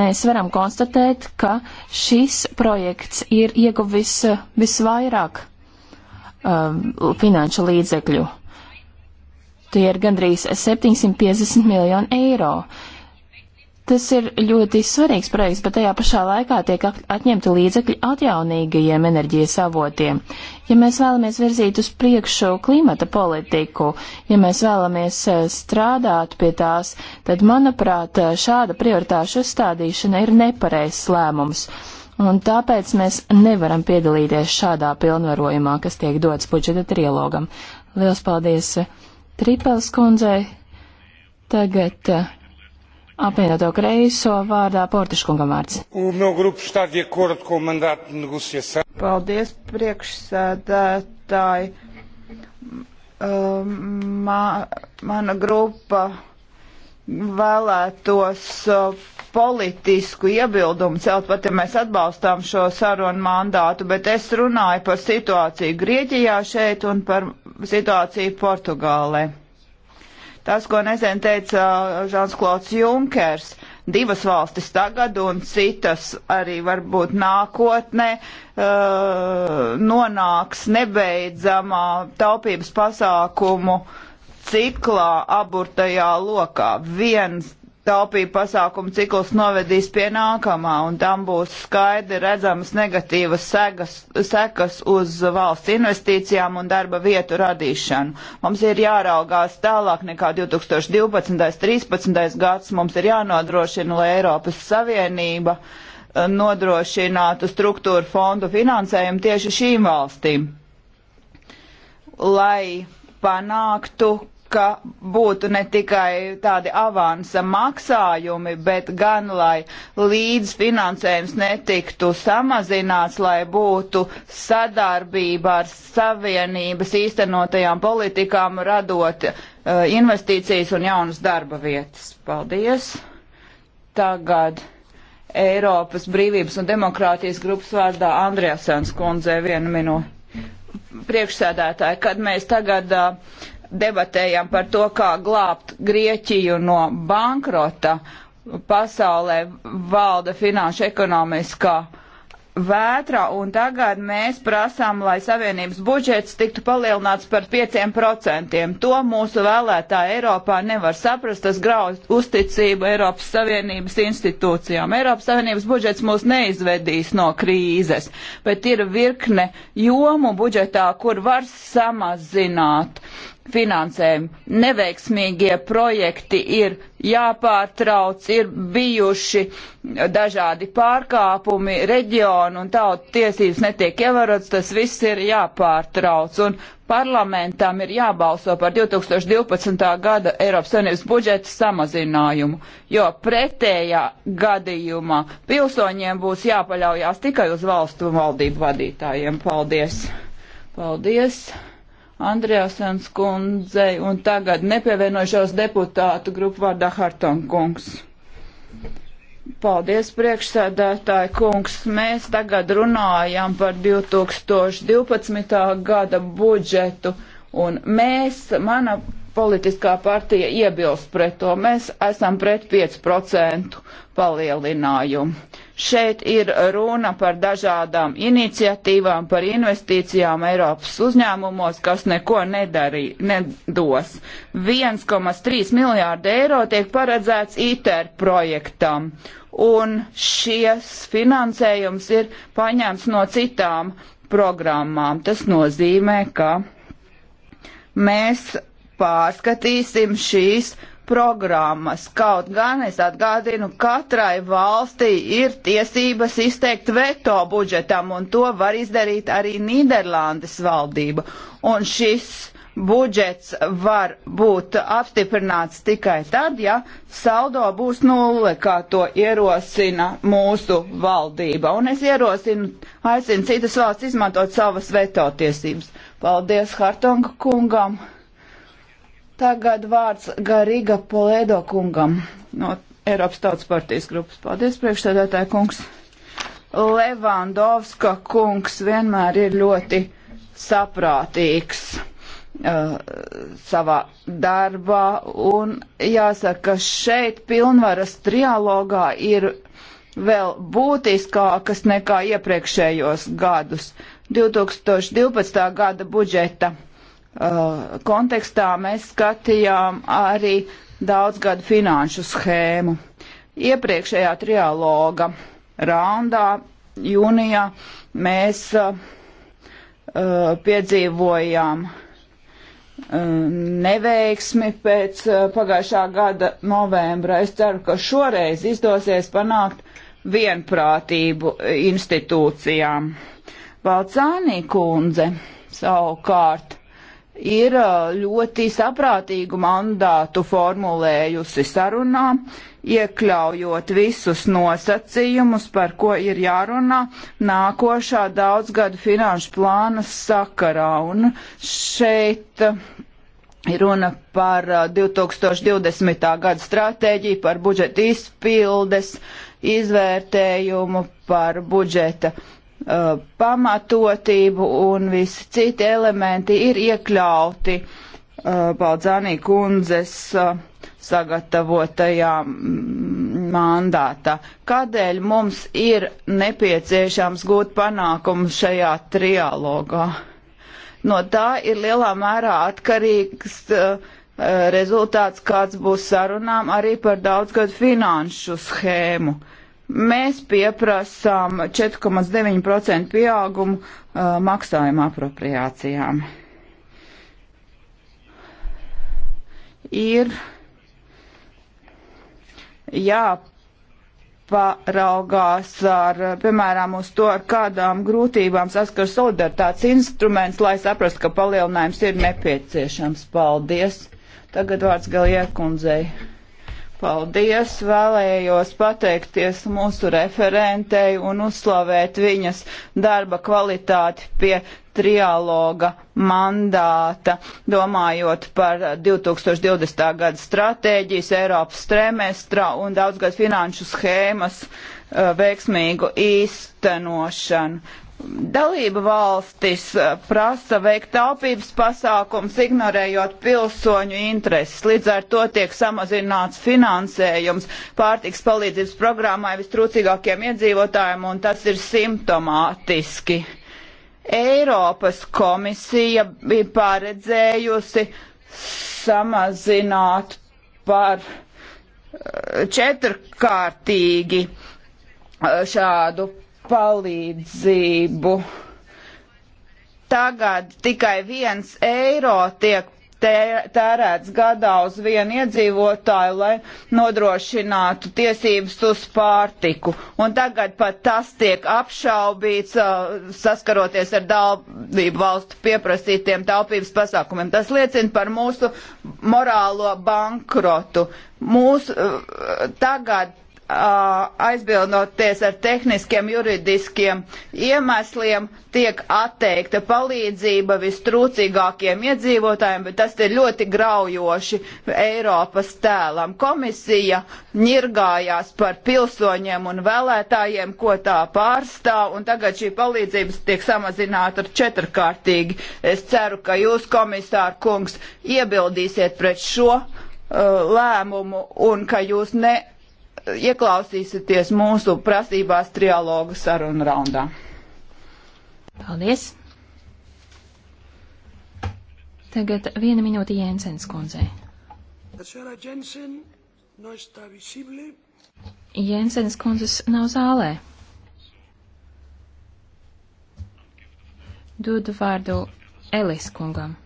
Mēs varam konstatēt, ka šis projekts ir ieguvis visvairāk um, finanšu līdzekļu. Tie ir gandrīz 750 miljoni eiro. Tas ir ļoti svarīgs projekts, bet tajā pašā laikā tiek atņemta līdzekļi atjaunīgajiem enerģijas avotiem. Ja mēs vēlamies virzīt uz priekšu klimata politiku, ja mēs vēlamies eh, strādāt pie tās, tad, manuprāt, eh, šāda prioritāšu uzstādīšana ir nepareizs lēmums. Un tāpēc mēs nevaram piedalīties šādā pilnvarojumā, kas tiek dots budžeta trilogam. Liels paldies eh, Tripels kundzei. Tagad apvienoto kreiso vārdā Portiškungam vārds. Paldies, priekšsēdētāji. Um, ma, mana grupa vēlētos uh, politisku iebildumu celt, pat ja mēs atbalstām šo sarunu mandātu, bet es runāju par situāciju Grieķijā šeit un par situāciju Portugālē. Tas, ko nesen teica uh, Žans Klauds Junkers, divas valstis tagad un citas arī varbūt nākotnē uh, nonāks nebeidzamā taupības pasākumu ciklā aburtajā lokā. Viens taupību pasākumu cikls novedīs pie nākamā, un tam būs skaidri redzamas negatīvas segas, sekas uz valsts investīcijām un darba vietu radīšanu. Mums ir jāraugās tālāk nekā 2012. 13. gads, mums ir jānodrošina, lai Eiropas Savienība eh, nodrošinātu struktūru fondu finansējumu tieši šīm valstīm, lai panāktu, ka būtu ne tikai tādi avansa maksājumi, bet gan lai līdzfinansējums netiktu samazināts, lai būtu sadarbība ar savienības īstenotajām politikām, radot uh, investīcijas un jaunas darba vietas. Paldies! Tagad Eiropas brīvības un demokrātijas grupas vārdā Andrēsens kundzei vienu minūti. Priekšsēdētāji, kad mēs tagad uh, debatējam par to, kā glābt Grieķiju no bankrota, pasaulē valda finanšu ekonomiskā vētra, un tagad mēs prasām, lai savienības budžets tiktu palielināts par 5%. To mūsu vēlētāji Eiropā nevar saprast, tas grauj uzticību Eiropas Savienības institūcijām. Eiropas Savienības budžets mūs neizvedīs no krīzes, bet ir virkne jomu budžetā, kur var samazināt finansējumu. Neveiksmīgie projekti ir jāpārtrauc, ir bijuši dažādi pārkāpumi, reģionu un tautu tiesības netiek ievērotas, tas viss ir jāpārtrauc. Un parlamentam ir jābalso par 2012. gada Eiropas Savienības budžeta samazinājumu, jo pretējā gadījumā pilsoņiem būs jāpaļaujās tikai uz valstu un valdību vadītājiem. Paldies! Paldies! Andrejāsens kundzei un tagad nepievienojušos deputātu grupu vārdā Hartong kungs. Paldies, priekšsēdētāji kungs. Mēs tagad runājam par 2012. gada budžetu un mēs, mana politiskā partija iebilst pret to. Mēs esam pret 5% palielinājumu. Šeit ir runa par dažādām iniciatīvām, par investīcijām Eiropas uzņēmumos, kas neko nedarī, nedos. 1,3 miljārdi eiro tiek paredzēts ITER projektam, un šies finansējums ir paņemts no citām programmām. Tas nozīmē, ka mēs pārskatīsim šīs programmas. Kaut gan es atgādinu, katrai valstī ir tiesības izteikt veto budžetam, un to var izdarīt arī Nīderlandes valdība. Un šis budžets var būt apstiprināts tikai tad, ja saldo būs nulle, kā to ierosina mūsu valdība. Un es ierosinu, aicinu citas valsts izmantot savas veto tiesības. Paldies Hartonga kungam! Tagad vārds Garīga Polēdo kungam no Eiropas Tautas partijas grupas. Paldies, priekšsēdētāji kungs. Levandovska kungs vienmēr ir ļoti saprātīgs uh, savā darbā un jāsaka, šeit pilnvaras trialogā ir vēl būtiskākas nekā iepriekšējos gadus. 2012. gada budžeta uh, kontekstā mēs skatījām arī daudzgadu finanšu schēmu. Iepriekšējā trialoga raundā jūnijā mēs uh, piedzīvojām uh, neveiksmi pēc uh, pagājušā gada novembra. Es ceru, ka šoreiz izdosies panākt vienprātību institūcijām. Valcānī kundze savukārt ir ļoti saprātīgu mandātu formulējusi sarunā, iekļaujot visus nosacījumus, par ko ir jārunā nākošā daudzgadu finanšu plāna sakarā. Un šeit ir runa par 2020. gada stratēģiju, par budžeta izpildes izvērtējumu, par budžeta uh, pamatotību un visi citi elementi ir iekļauti uh, Baldzānī kundzes uh, sagatavotajā mm, mandātā. Kādēļ mums ir nepieciešams gūt panākumu šajā trialogā? No tā ir lielā mērā atkarīgs uh, uh rezultāts, kāds būs sarunām arī par daudzgadu finanšu schēmu. Uh, mēs pieprasām 4,9% pieaugumu uh, maksājuma apropriācijām. Ir jāparaugās ar, piemēram, uz to, ar kādām grūtībām saskars solidaritātes instruments, lai saprastu, ka palielinājums ir nepieciešams. Paldies! Tagad vārds Galiet kundzei. Paldies! Vēlējos pateikties mūsu referentei un uzslavēt viņas darba kvalitāti pie trialoga mandāta, domājot par 2020. gada stratēģijas, Eiropas tremestra un daudzgad finanšu schēmas eh, veiksmīgu īstenošanu. Dalība valstis eh, prasa veikt taupības pasākums, ignorējot pilsoņu intereses. Līdz ar to tiek samazināts finansējums pārtiks palīdzības programmai vistrūcīgākiem iedzīvotājiem, un tas ir simptomātiski. Eiropas komisija bija paredzējusi samazināt par eh, četrkārtīgi eh, šādu palīdzību. Tagad tikai viens eiro tiek tērēts gadā uz vienu iedzīvotāju, lai nodrošinātu tiesības uz pārtiku. Un tagad pat tas tiek apšaubīts, saskaroties ar dalību valstu pieprasītiem taupības pasākumiem. Tas liecina par mūsu morālo bankrotu. Mūsu tagad aizbildnoties ar tehniskiem juridiskiem iemesliem, tiek atteikta palīdzība vistrūcīgākiem iedzīvotājiem, bet tas ir ļoti graujoši Eiropas tēlam. Komisija ņirgājās par pilsoņiem un vēlētājiem, ko tā pārstāv, un tagad šī palīdzības tiek samazināta ar četrkārtīgi. Es ceru, ka jūs, komisār kungs, iebildīsiet pret šo uh, lēmumu un ka jūs ne ieklausīsieties mūsu prasībās trialogu sarunu raundā. Paldies! Tagad viena minūte Jensens kundzei. Jensens kundzes nav zālē. Dodu vārdu Elis kungam.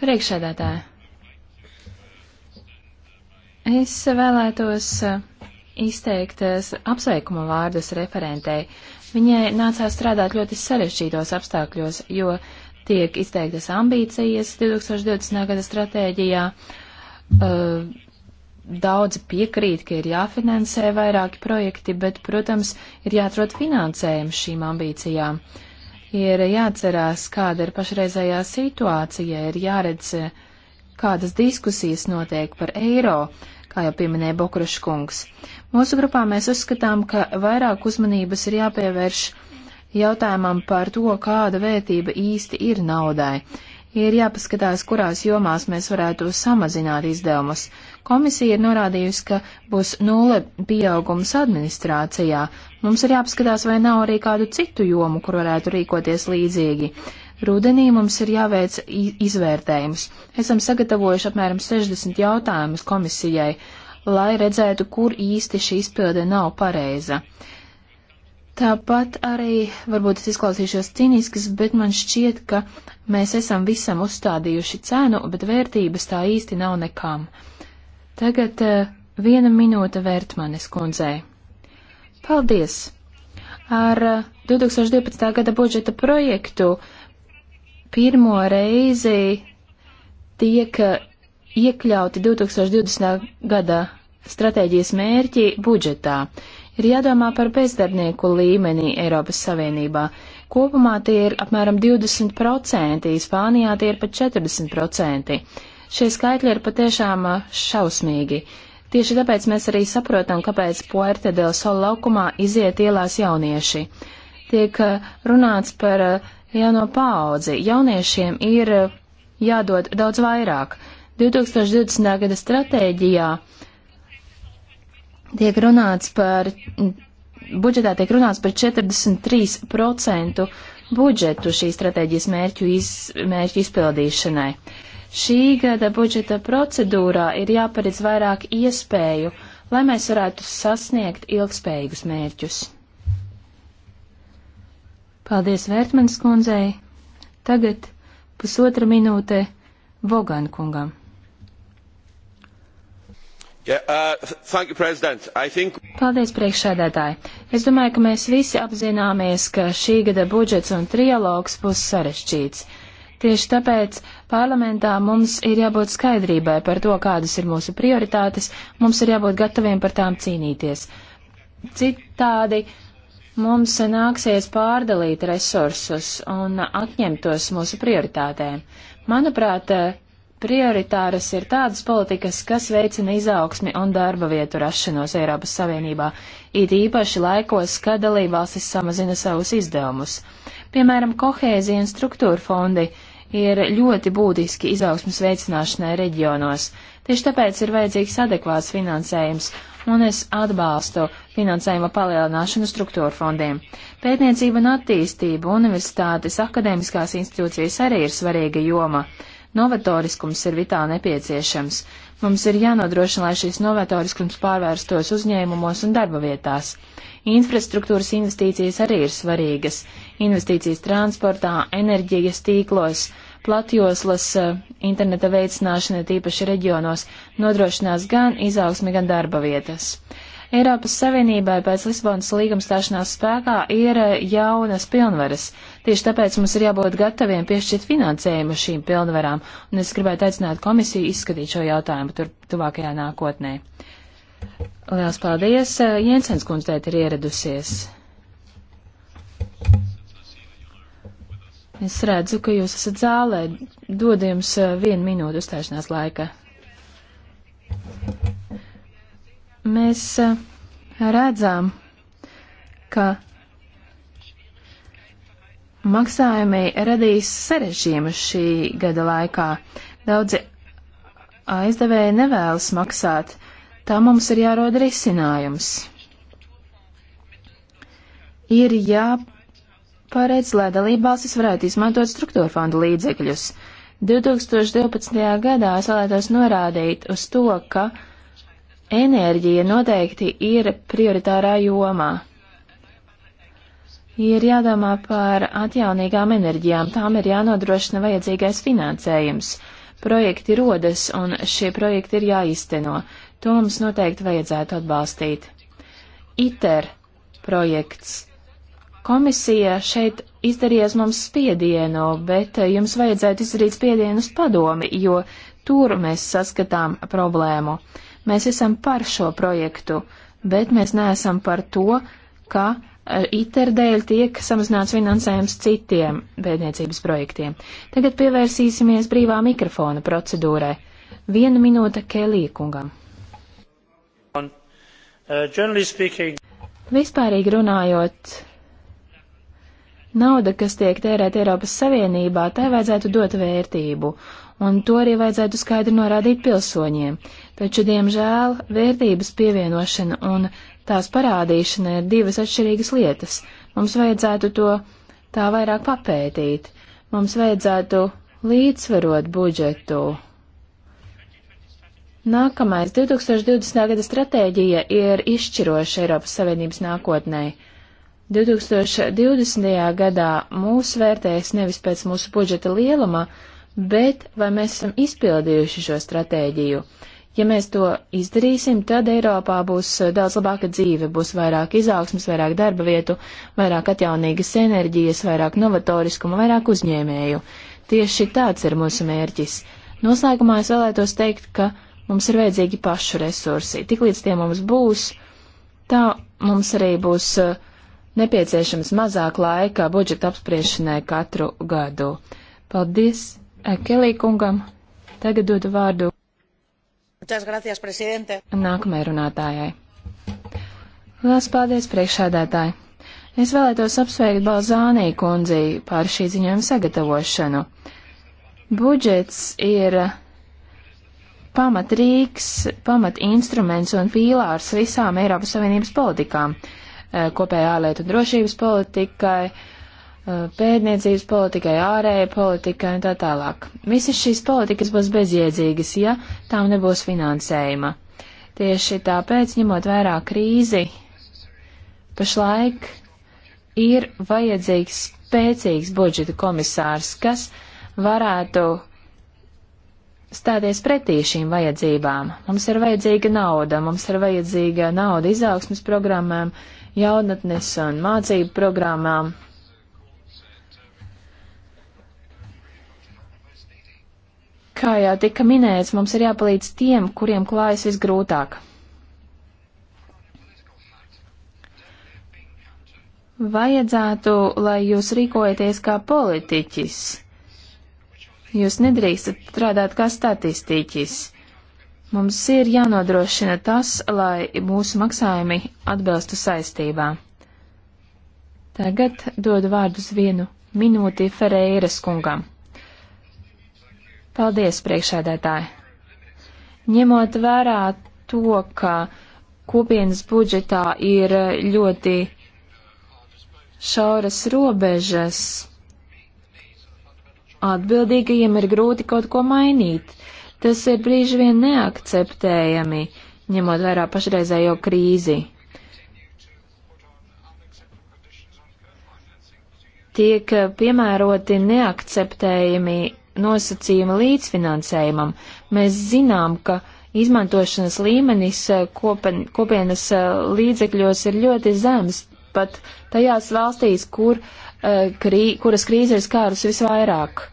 Priekšsēdētāji. Es vēlētos eh, izteikt eh, apsveikuma vārdus referentei. Viņai nācās strādāt ļoti sarežģītos apstākļos, jo tiek izteiktas ambīcijas 2020. gada stratēģijā. Uh, daudzi piekrīt, ka ir jāfinansē vairāki projekti, bet, protams, ir jāatrod finansējums šīm ambīcijām. Ir jāatcerās, kāda ir pašreizējā situācija, ir jāredz, kādas diskusijas notiek par eiro kā jau pieminēja Bokurušs kungs. Mūsu grupā mēs uzskatām, ka vairāk uzmanības ir jāpievērš jautājumam par to, kāda vērtība īsti ir naudai. Ir jāpaskatās, kurās jomās mēs varētu samazināt izdevumus. Komisija ir norādījusi, ka būs nulle pieaugums administrācijā. Mums ir jāpaskatās, vai nav arī kādu citu jomu, kur varētu rīkoties līdzīgi. Rudenī mums ir jāveic izvērtējums. Esam sagatavojuši apmēram 60 jautājumus komisijai, lai redzētu, kur īsti šī izpilde nav pareiza. Tāpat arī, varbūt es izklausīšos cīniskas, bet man šķiet, ka mēs esam visam uzstādījuši cenu, bet vērtības tā īsti nav nekām. Tagad uh, viena minūte vērtmanes kundzei. Paldies! Ar uh, eh, 2012. gada budžeta projektu pirmo reizi tiek iekļauti 2020. gada stratēģijas mērķi budžetā. Ir jādomā par bezdarbnieku līmenī Eiropas Savienībā. Kopumā tie ir apmēram 20%, Spānijā tie ir pat 40%. Šie skaitļi ir patiešām šausmīgi. Tieši tāpēc mēs arī saprotam, kāpēc Puerta del Sol laukumā iziet ielās jaunieši. Tiek eh, runāts par eh, jauno paudzi. Jauniešiem ir eh, jādod daudz vairāk. 2020. gada stratēģijā tiek runāts par, budžetā tiek runāts par 43% budžetu šīs stratēģijas mērķu, iz, mērķu izpildīšanai. Šī gada budžeta procedūrā ir jāparedz vairāk iespēju, lai mēs varētu sasniegt ilgspējīgus mērķus. Paldies Vērtmanas kundzei. Tagad pusotra minūte Vogan kungam. Yeah, uh, you, think... Paldies, priekšsēdētāji. Es domāju, ka mēs visi apzināmies, ka šī gada budžets un trialogs būs sarešķīts. Tieši tāpēc parlamentā mums ir jābūt skaidrībai par to, kādas ir mūsu prioritātes, mums ir jābūt gataviem par tām cīnīties. Citādi uh, mums nāksies pārdalīt resursus un atņemtos mūsu prioritātēm. Manuprāt, prioritāras ir tādas politikas, kas veicina izaugsmi un darba vietu rašanos Eiropas Savienībā, it īpaši laikos, kad dalībvalstis samazina savus izdevumus. Piemēram, kohēzija un struktūra fondi ir ļoti būtiski izaugsmas veicināšanai reģionos, Tieši tāpēc ir vajadzīgs adekvāts finansējums, un es atbalstu finansējuma palielināšanu struktūra fondiem. Pētniecība un attīstība universitātes akadēmiskās institūcijas arī ir svarīga joma. Novatoriskums ir vitāli nepieciešams. Mums ir jānodrošina, lai šīs novatoriskums pārvērstos uzņēmumos un darba vietās. Infrastruktūras investīcijas arī ir svarīgas. Investīcijas transportā, enerģijas tīklos platjoslas eh, interneta veicināšana tīpaši reģionos nodrošinās gan izaugsmi, gan darba vietas. Eiropas Savienībai pēc Lisbonas līguma stāšanās spēkā ir eh, jaunas pilnvaras. Tieši tāpēc mums ir jābūt gataviem piešķirt finansējumu šīm pilnvarām, un es gribētu aicināt komisiju izskatīt šo jautājumu tur tuvākajā nākotnē. Lielas paldies! Eh, Jensens kundze tēt ir ieradusies. Es redzu, ka jūs esat zālē. Dod jums eh, vienu minūtu uzstāšanās laika. Mēs eh, redzam, ka maksājumi radīs sarežģījumus šī gada laikā. Daudzi aizdevēji nevēlas maksāt. Tā mums ir jārod risinājums. Ir jāpārādās paredz, lai dalībvalstis varētu izmantot struktūra fondu līdzekļus. 2012. gadā es vēlētos norādīt uz to, ka enerģija noteikti ir prioritārā jomā. Ir jādomā par atjaunīgām enerģijām, tām ir jānodrošina vajadzīgais finansējums. Projekti rodas un šie projekti ir jāizteno. To mums noteikti vajadzētu atbalstīt. ITER projekts Komisija šeit izdarījis mums spiedienu, bet eh, jums vajadzētu izdarīt spiedienus padomi, jo tur mēs saskatām problēmu. Mēs esam par šo projektu, bet mēs neesam par to, ka eh, ITER dēļ tiek samazināts finansējums citiem bēdniecības projektiem. Tagad pievērsīsimies brīvā mikrofona procedūrai. Viena minūte Kelija kungam. Uh, Vispārīgi runājot, Nauda, kas tiek tērēta Eiropas Savienībā, tai vajadzētu dot vērtību, un to arī vajadzētu skaidri norādīt pilsoņiem. Taču, diemžēl, vērtības pievienošana un tās parādīšana ir divas atšķirīgas lietas. Mums vajadzētu to tā vairāk papētīt. Mums vajadzētu līdzsvarot budžetu Nākamais 2020. gada stratēģija ir izšķiroša Eiropas Savienības nākotnē. 2020. gadā mūs vērtēs nevis pēc mūsu budžeta lieluma, bet vai mēs esam izpildījuši šo stratēģiju. Ja mēs to izdarīsim, tad Eiropā būs eh, daudz labāka dzīve, būs vairāk izaugsmas, vairāk darba vietu, vairāk atjaunīgas enerģijas, vairāk novatoriskuma, vairāk uzņēmēju. Tieši tāds ir mūsu mērķis. Noslēgumā es vēlētos teikt, ka mums ir vajadzīgi pašu resursi. Tiklīdz tie mums būs, tā mums arī būs uh, nepieciešams mazāk laika budžeta apspriešanai katru gadu. Paldies eh, Kelī kungam. Tagad dodu vārdu gracias, nākamajai runātājai. Lielas paldies, priekšādētāji! Es vēlētos apsveikt Balzānī kundzi par šī ziņojuma sagatavošanu. Budžets ir pamatrīks, pamatinstruments un pīlārs visām Eiropas Savienības politikām. Eh, kopējai ārlietu un drošības politikai, eh, pētniecības politikai, ārējai politikai un tā tālāk. Visas šīs politikas būs bezjēdzīgas, ja tām nebūs finansējuma. Tieši tāpēc, ņemot vērā krīzi, pašlaik ir vajadzīgs spēcīgs budžeta komisārs, kas varētu stāties pretī šīm vajadzībām. Mums ir vajadzīga nauda, mums ir vajadzīga nauda izaugsmas programmām, jaunatnes un mācību programmām. Kā jau tika minēts, mums ir jāpalīdz tiem, kuriem klājas visgrūtāk. Vajadzētu, lai jūs rīkojaties kā politiķis. Jūs nedrīkstat strādāt kā statistiķis. Mums ir jānodrošina tas, lai mūsu maksājumi atbilstu saistībām. Tagad dodu vārdus vienu minūti Ferreiras kungam. Paldies, priekšādētāji! Ņemot vērā to, ka kopienas budžetā ir ļoti šauras robežas, atbildīgajiem ir grūti kaut ko mainīt. Tas ir brīži vien neakceptējami, ņemot vērā pašreizējo krīzi. Tiek piemēroti neakceptējami nosacījumi līdzfinansējumam. Mēs zinām, ka izmantošanas līmenis eh, kopen, kopienas eh, līdzekļos ir ļoti zems, pat tajās valstīs, kur, eh, krī, kuras krīze ir skārus visvairāk.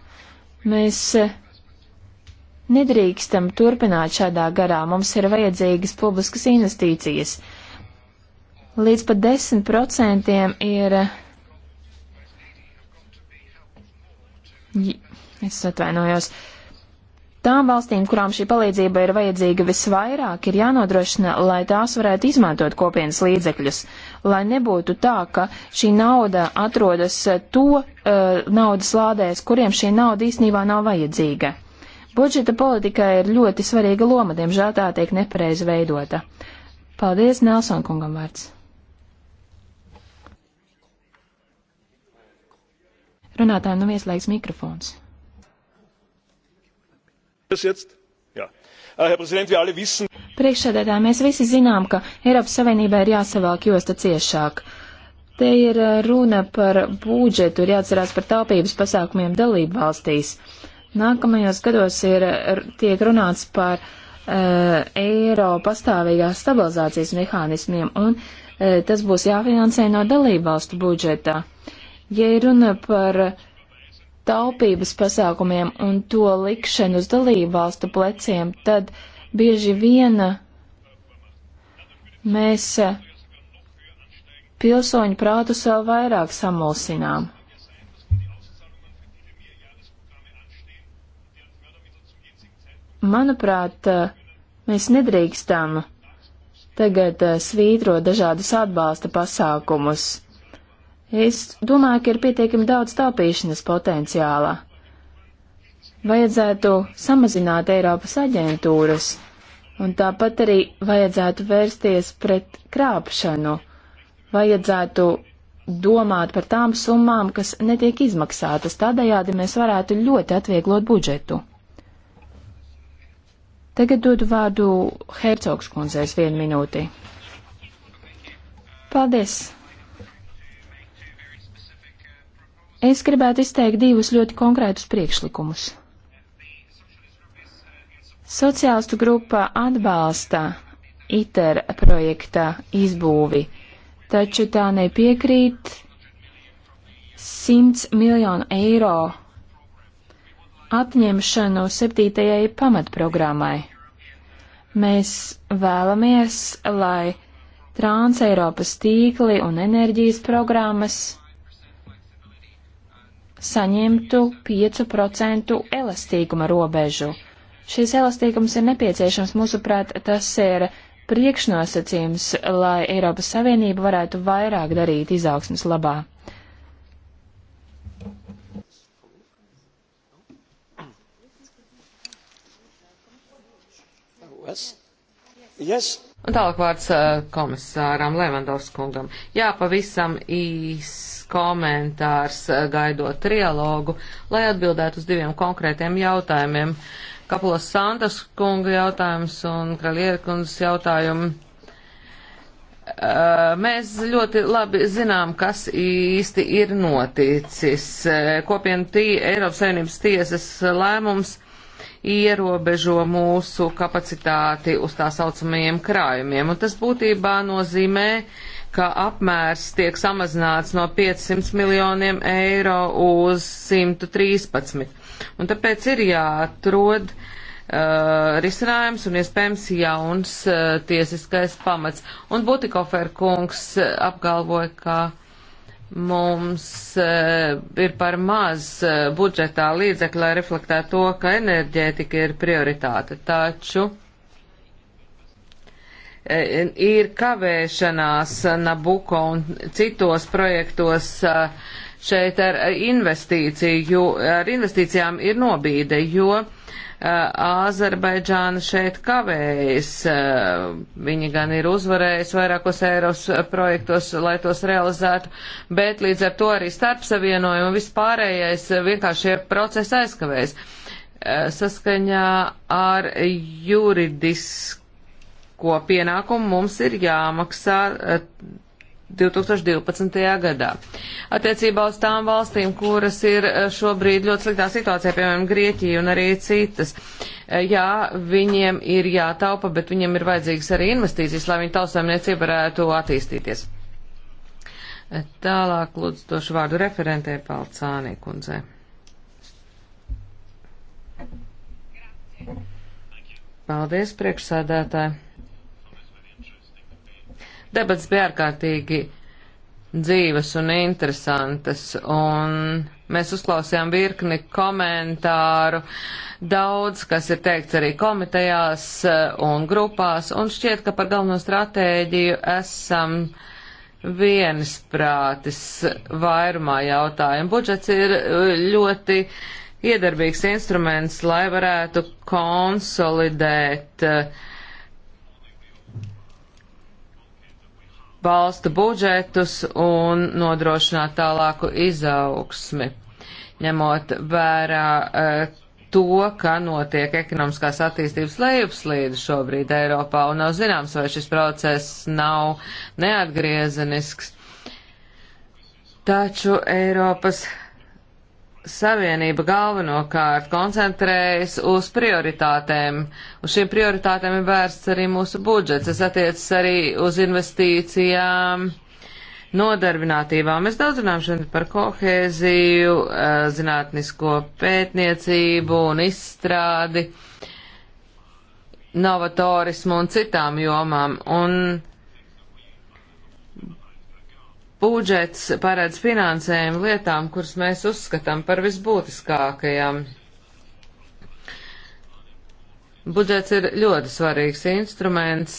Mēs Nedrīkstam turpināt šādā garā, mums ir vajadzīgas publiskas investīcijas. Līdz pat 10% ir. Es atvainojos. Tām valstīm, kurām šī palīdzība ir vajadzīga visvairāk, ir jānodrošina, lai tās varētu izmantot kopienas līdzekļus, lai nebūtu tā, ka šī nauda atrodas to uh, naudas lādēs, kuriem šī nauda īsnībā nav vajadzīga. Budžeta politikai ir ļoti svarīga loma, diemžēl tā tiek nepareizi veidota. Paldies, Nelson kungam vārds. Runātājiem nav ieslēgts mikrofons. Tas jetzt? Jā. Ah, Herr Präsident, wir alle wissen. Priekšsēdētāji, mēs visi zinām, ka Eiropas Savienībā ir jāsavalk josta ciešāk. Te ir eh, runa par budžetu, ir jāatcerās par taupības pasākumiem dalību valstīs. Uh, Nākamajos gados ir, tiek runāts par uh, eiro pastāvīgās stabilizācijas mehānismiem, un uh, tas būs jāfinansē no dalībvalstu budžeta. Ja ir runa par taupības pasākumiem un to likšanu uz dalībvalstu pleciem, tad bieži viena mēs pilsoņu prātus vēl vairāk samulsinām. manuprāt, eh, mēs nedrīkstam tagad eh, svītrot dažādus atbalsta pasākumus. Es domāju, ka ir pietiekami daudz taupīšanas potenciāla. Vajadzētu samazināt Eiropas aģentūras, un tāpat arī vajadzētu vērsties pret krāpšanu. Vajadzētu domāt par tām summām, kas netiek izmaksātas. Tādējādi mēs varētu ļoti atvieglot budžetu. Tagad dodu vārdu Hercogs kundzēs vienu minūti. Paldies! Es gribētu izteikt divus ļoti konkrētus priekšlikumus. Sociālistu grupa atbalsta ITER projekta izbūvi, taču tā nepiekrīt 100 miljonu eiro atņemšanu septītajai pamatprogrammai. Mēs vēlamies, lai Trānseiropas tīkli un enerģijas programmas saņemtu 5% elastīguma robežu. Šīs elastīgums ir nepieciešams, mūsuprāt, tas ir priekšnosacījums, lai Eiropas Savienība varētu vairāk darīt izaugsmas labā. Yes. Un tālāk vārds uh, komisāram Levandovskungam. Jā, pavisam īs komentārs uh, gaidot trialogu, lai atbildētu uz diviem konkrētiem jautājumiem. Kapulas Santas kunga jautājums un Kraliera kundas jautājumu. Uh, mēs ļoti labi zinām, kas īsti ir noticis. Kopienu tī, Eiropas Savienības tiesas lēmums ierobežo mūsu kapacitāti uz tā saucamajiem krājumiem. Un tas būtībā nozīmē, ka apmērs tiek samazināts no 500 miljoniem eiro uz 113. Un tāpēc ir jāatrod uh, risinājums un iespējams jauns uh, tiesiskais pamats. Un Butikofer kungs uh, apgalvoja, ka mums uh, ir par maz uh, budžetā līdzekļu, lai reflektētu to, ka enerģētika ir prioritāte. Taču uh, ir kavēšanās Nabuko un citos projektos uh, šeit ar investīciju, jo ar investīcijām ir nobīde, jo uh, Eh, Azerbaidžāna šeit kavējas. Eh, viņi gan ir uzvarējusi vairākos Eiros projektos, lai tos realizētu, bet līdz ar to arī starpsavienojumi un vispārējais vienkārši ir process aizkavējas. Eh, saskaņā ar juridisko pienākumu mums ir jāmaksā 2012. gadā. Attiecībā uz tām valstīm, kuras ir eh, šobrīd ļoti sliktā situācijā, piemēram, Grieķija un arī citas, eh, jā, viņiem ir jātaupa, bet viņiem ir vajadzīgas arī investīcijas, lai viņu tausēmniecība varētu attīstīties. Eh, tālāk lūdzu došu vārdu referentē Palcānī kundzei. Paldies, priekšsēdētāji! Debats bija ārkārtīgi dzīves un interesantas, un mēs uzklausījām virkni komentāru, daudz, kas ir teikts arī komitejās e, un grupās, un šķiet, ka par galveno stratēģiju esam viensprātis vairumā jautājumu. Budžets ir e, ļoti iedarbīgs instruments, lai varētu konsolidēt uh, valstu budžetus un nodrošināt tālāku izaugsmi, ņemot vērā e, to, ka notiek ekonomiskās attīstības lejupslīde šobrīd Eiropā, un nav zināms, vai šis process nav neatgriezenisks. Taču Eiropas Savienība galvenokārt koncentrējas uz prioritātēm. Uz šiem prioritātēm ir vērsts arī mūsu budžets. Tas attiecas arī uz investīcijām, nodarbinātībām. Mēs daudz runājam šodien par kohēziju, eh, zinātnisko pētniecību un izstrādi, novatorismu un citām jomām. Un budžets paredz finansējumu lietām, kuras mēs uzskatām par visbūtiskākajām. Budžets ir ļoti svarīgs instruments,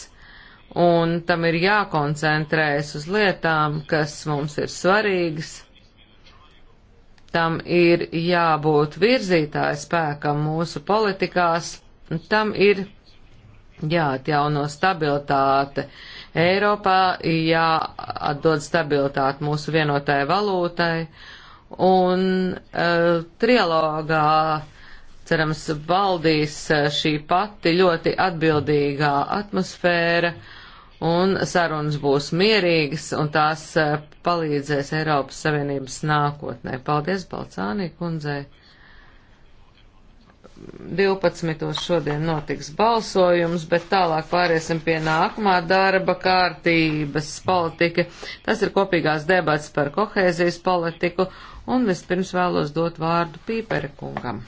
un tam ir jākoncentrējas uz lietām, kas mums ir svarīgas. Tam ir jābūt virzītāja spēkam mūsu politikās, tam ir jāatjauno stabilitāte. Uh, Eiropā jāatdod stabilitāti mūsu vienotai valūtai, un uh, trialogā, cerams, valdīs eh, šī pati ļoti atbildīgā atmosfēra, un sarunas būs mierīgas, un tās uh, palīdzēs Eiropas Savienības nākotnē. Paldies, Balcānī kundzei! 12. šodien notiks balsojums, bet tālāk pāriesim pie nākamā darba kārtības politika. Tas ir kopīgās debats par kohēzijas politiku, un vispirms vēlos dot vārdu Pīpera kungam.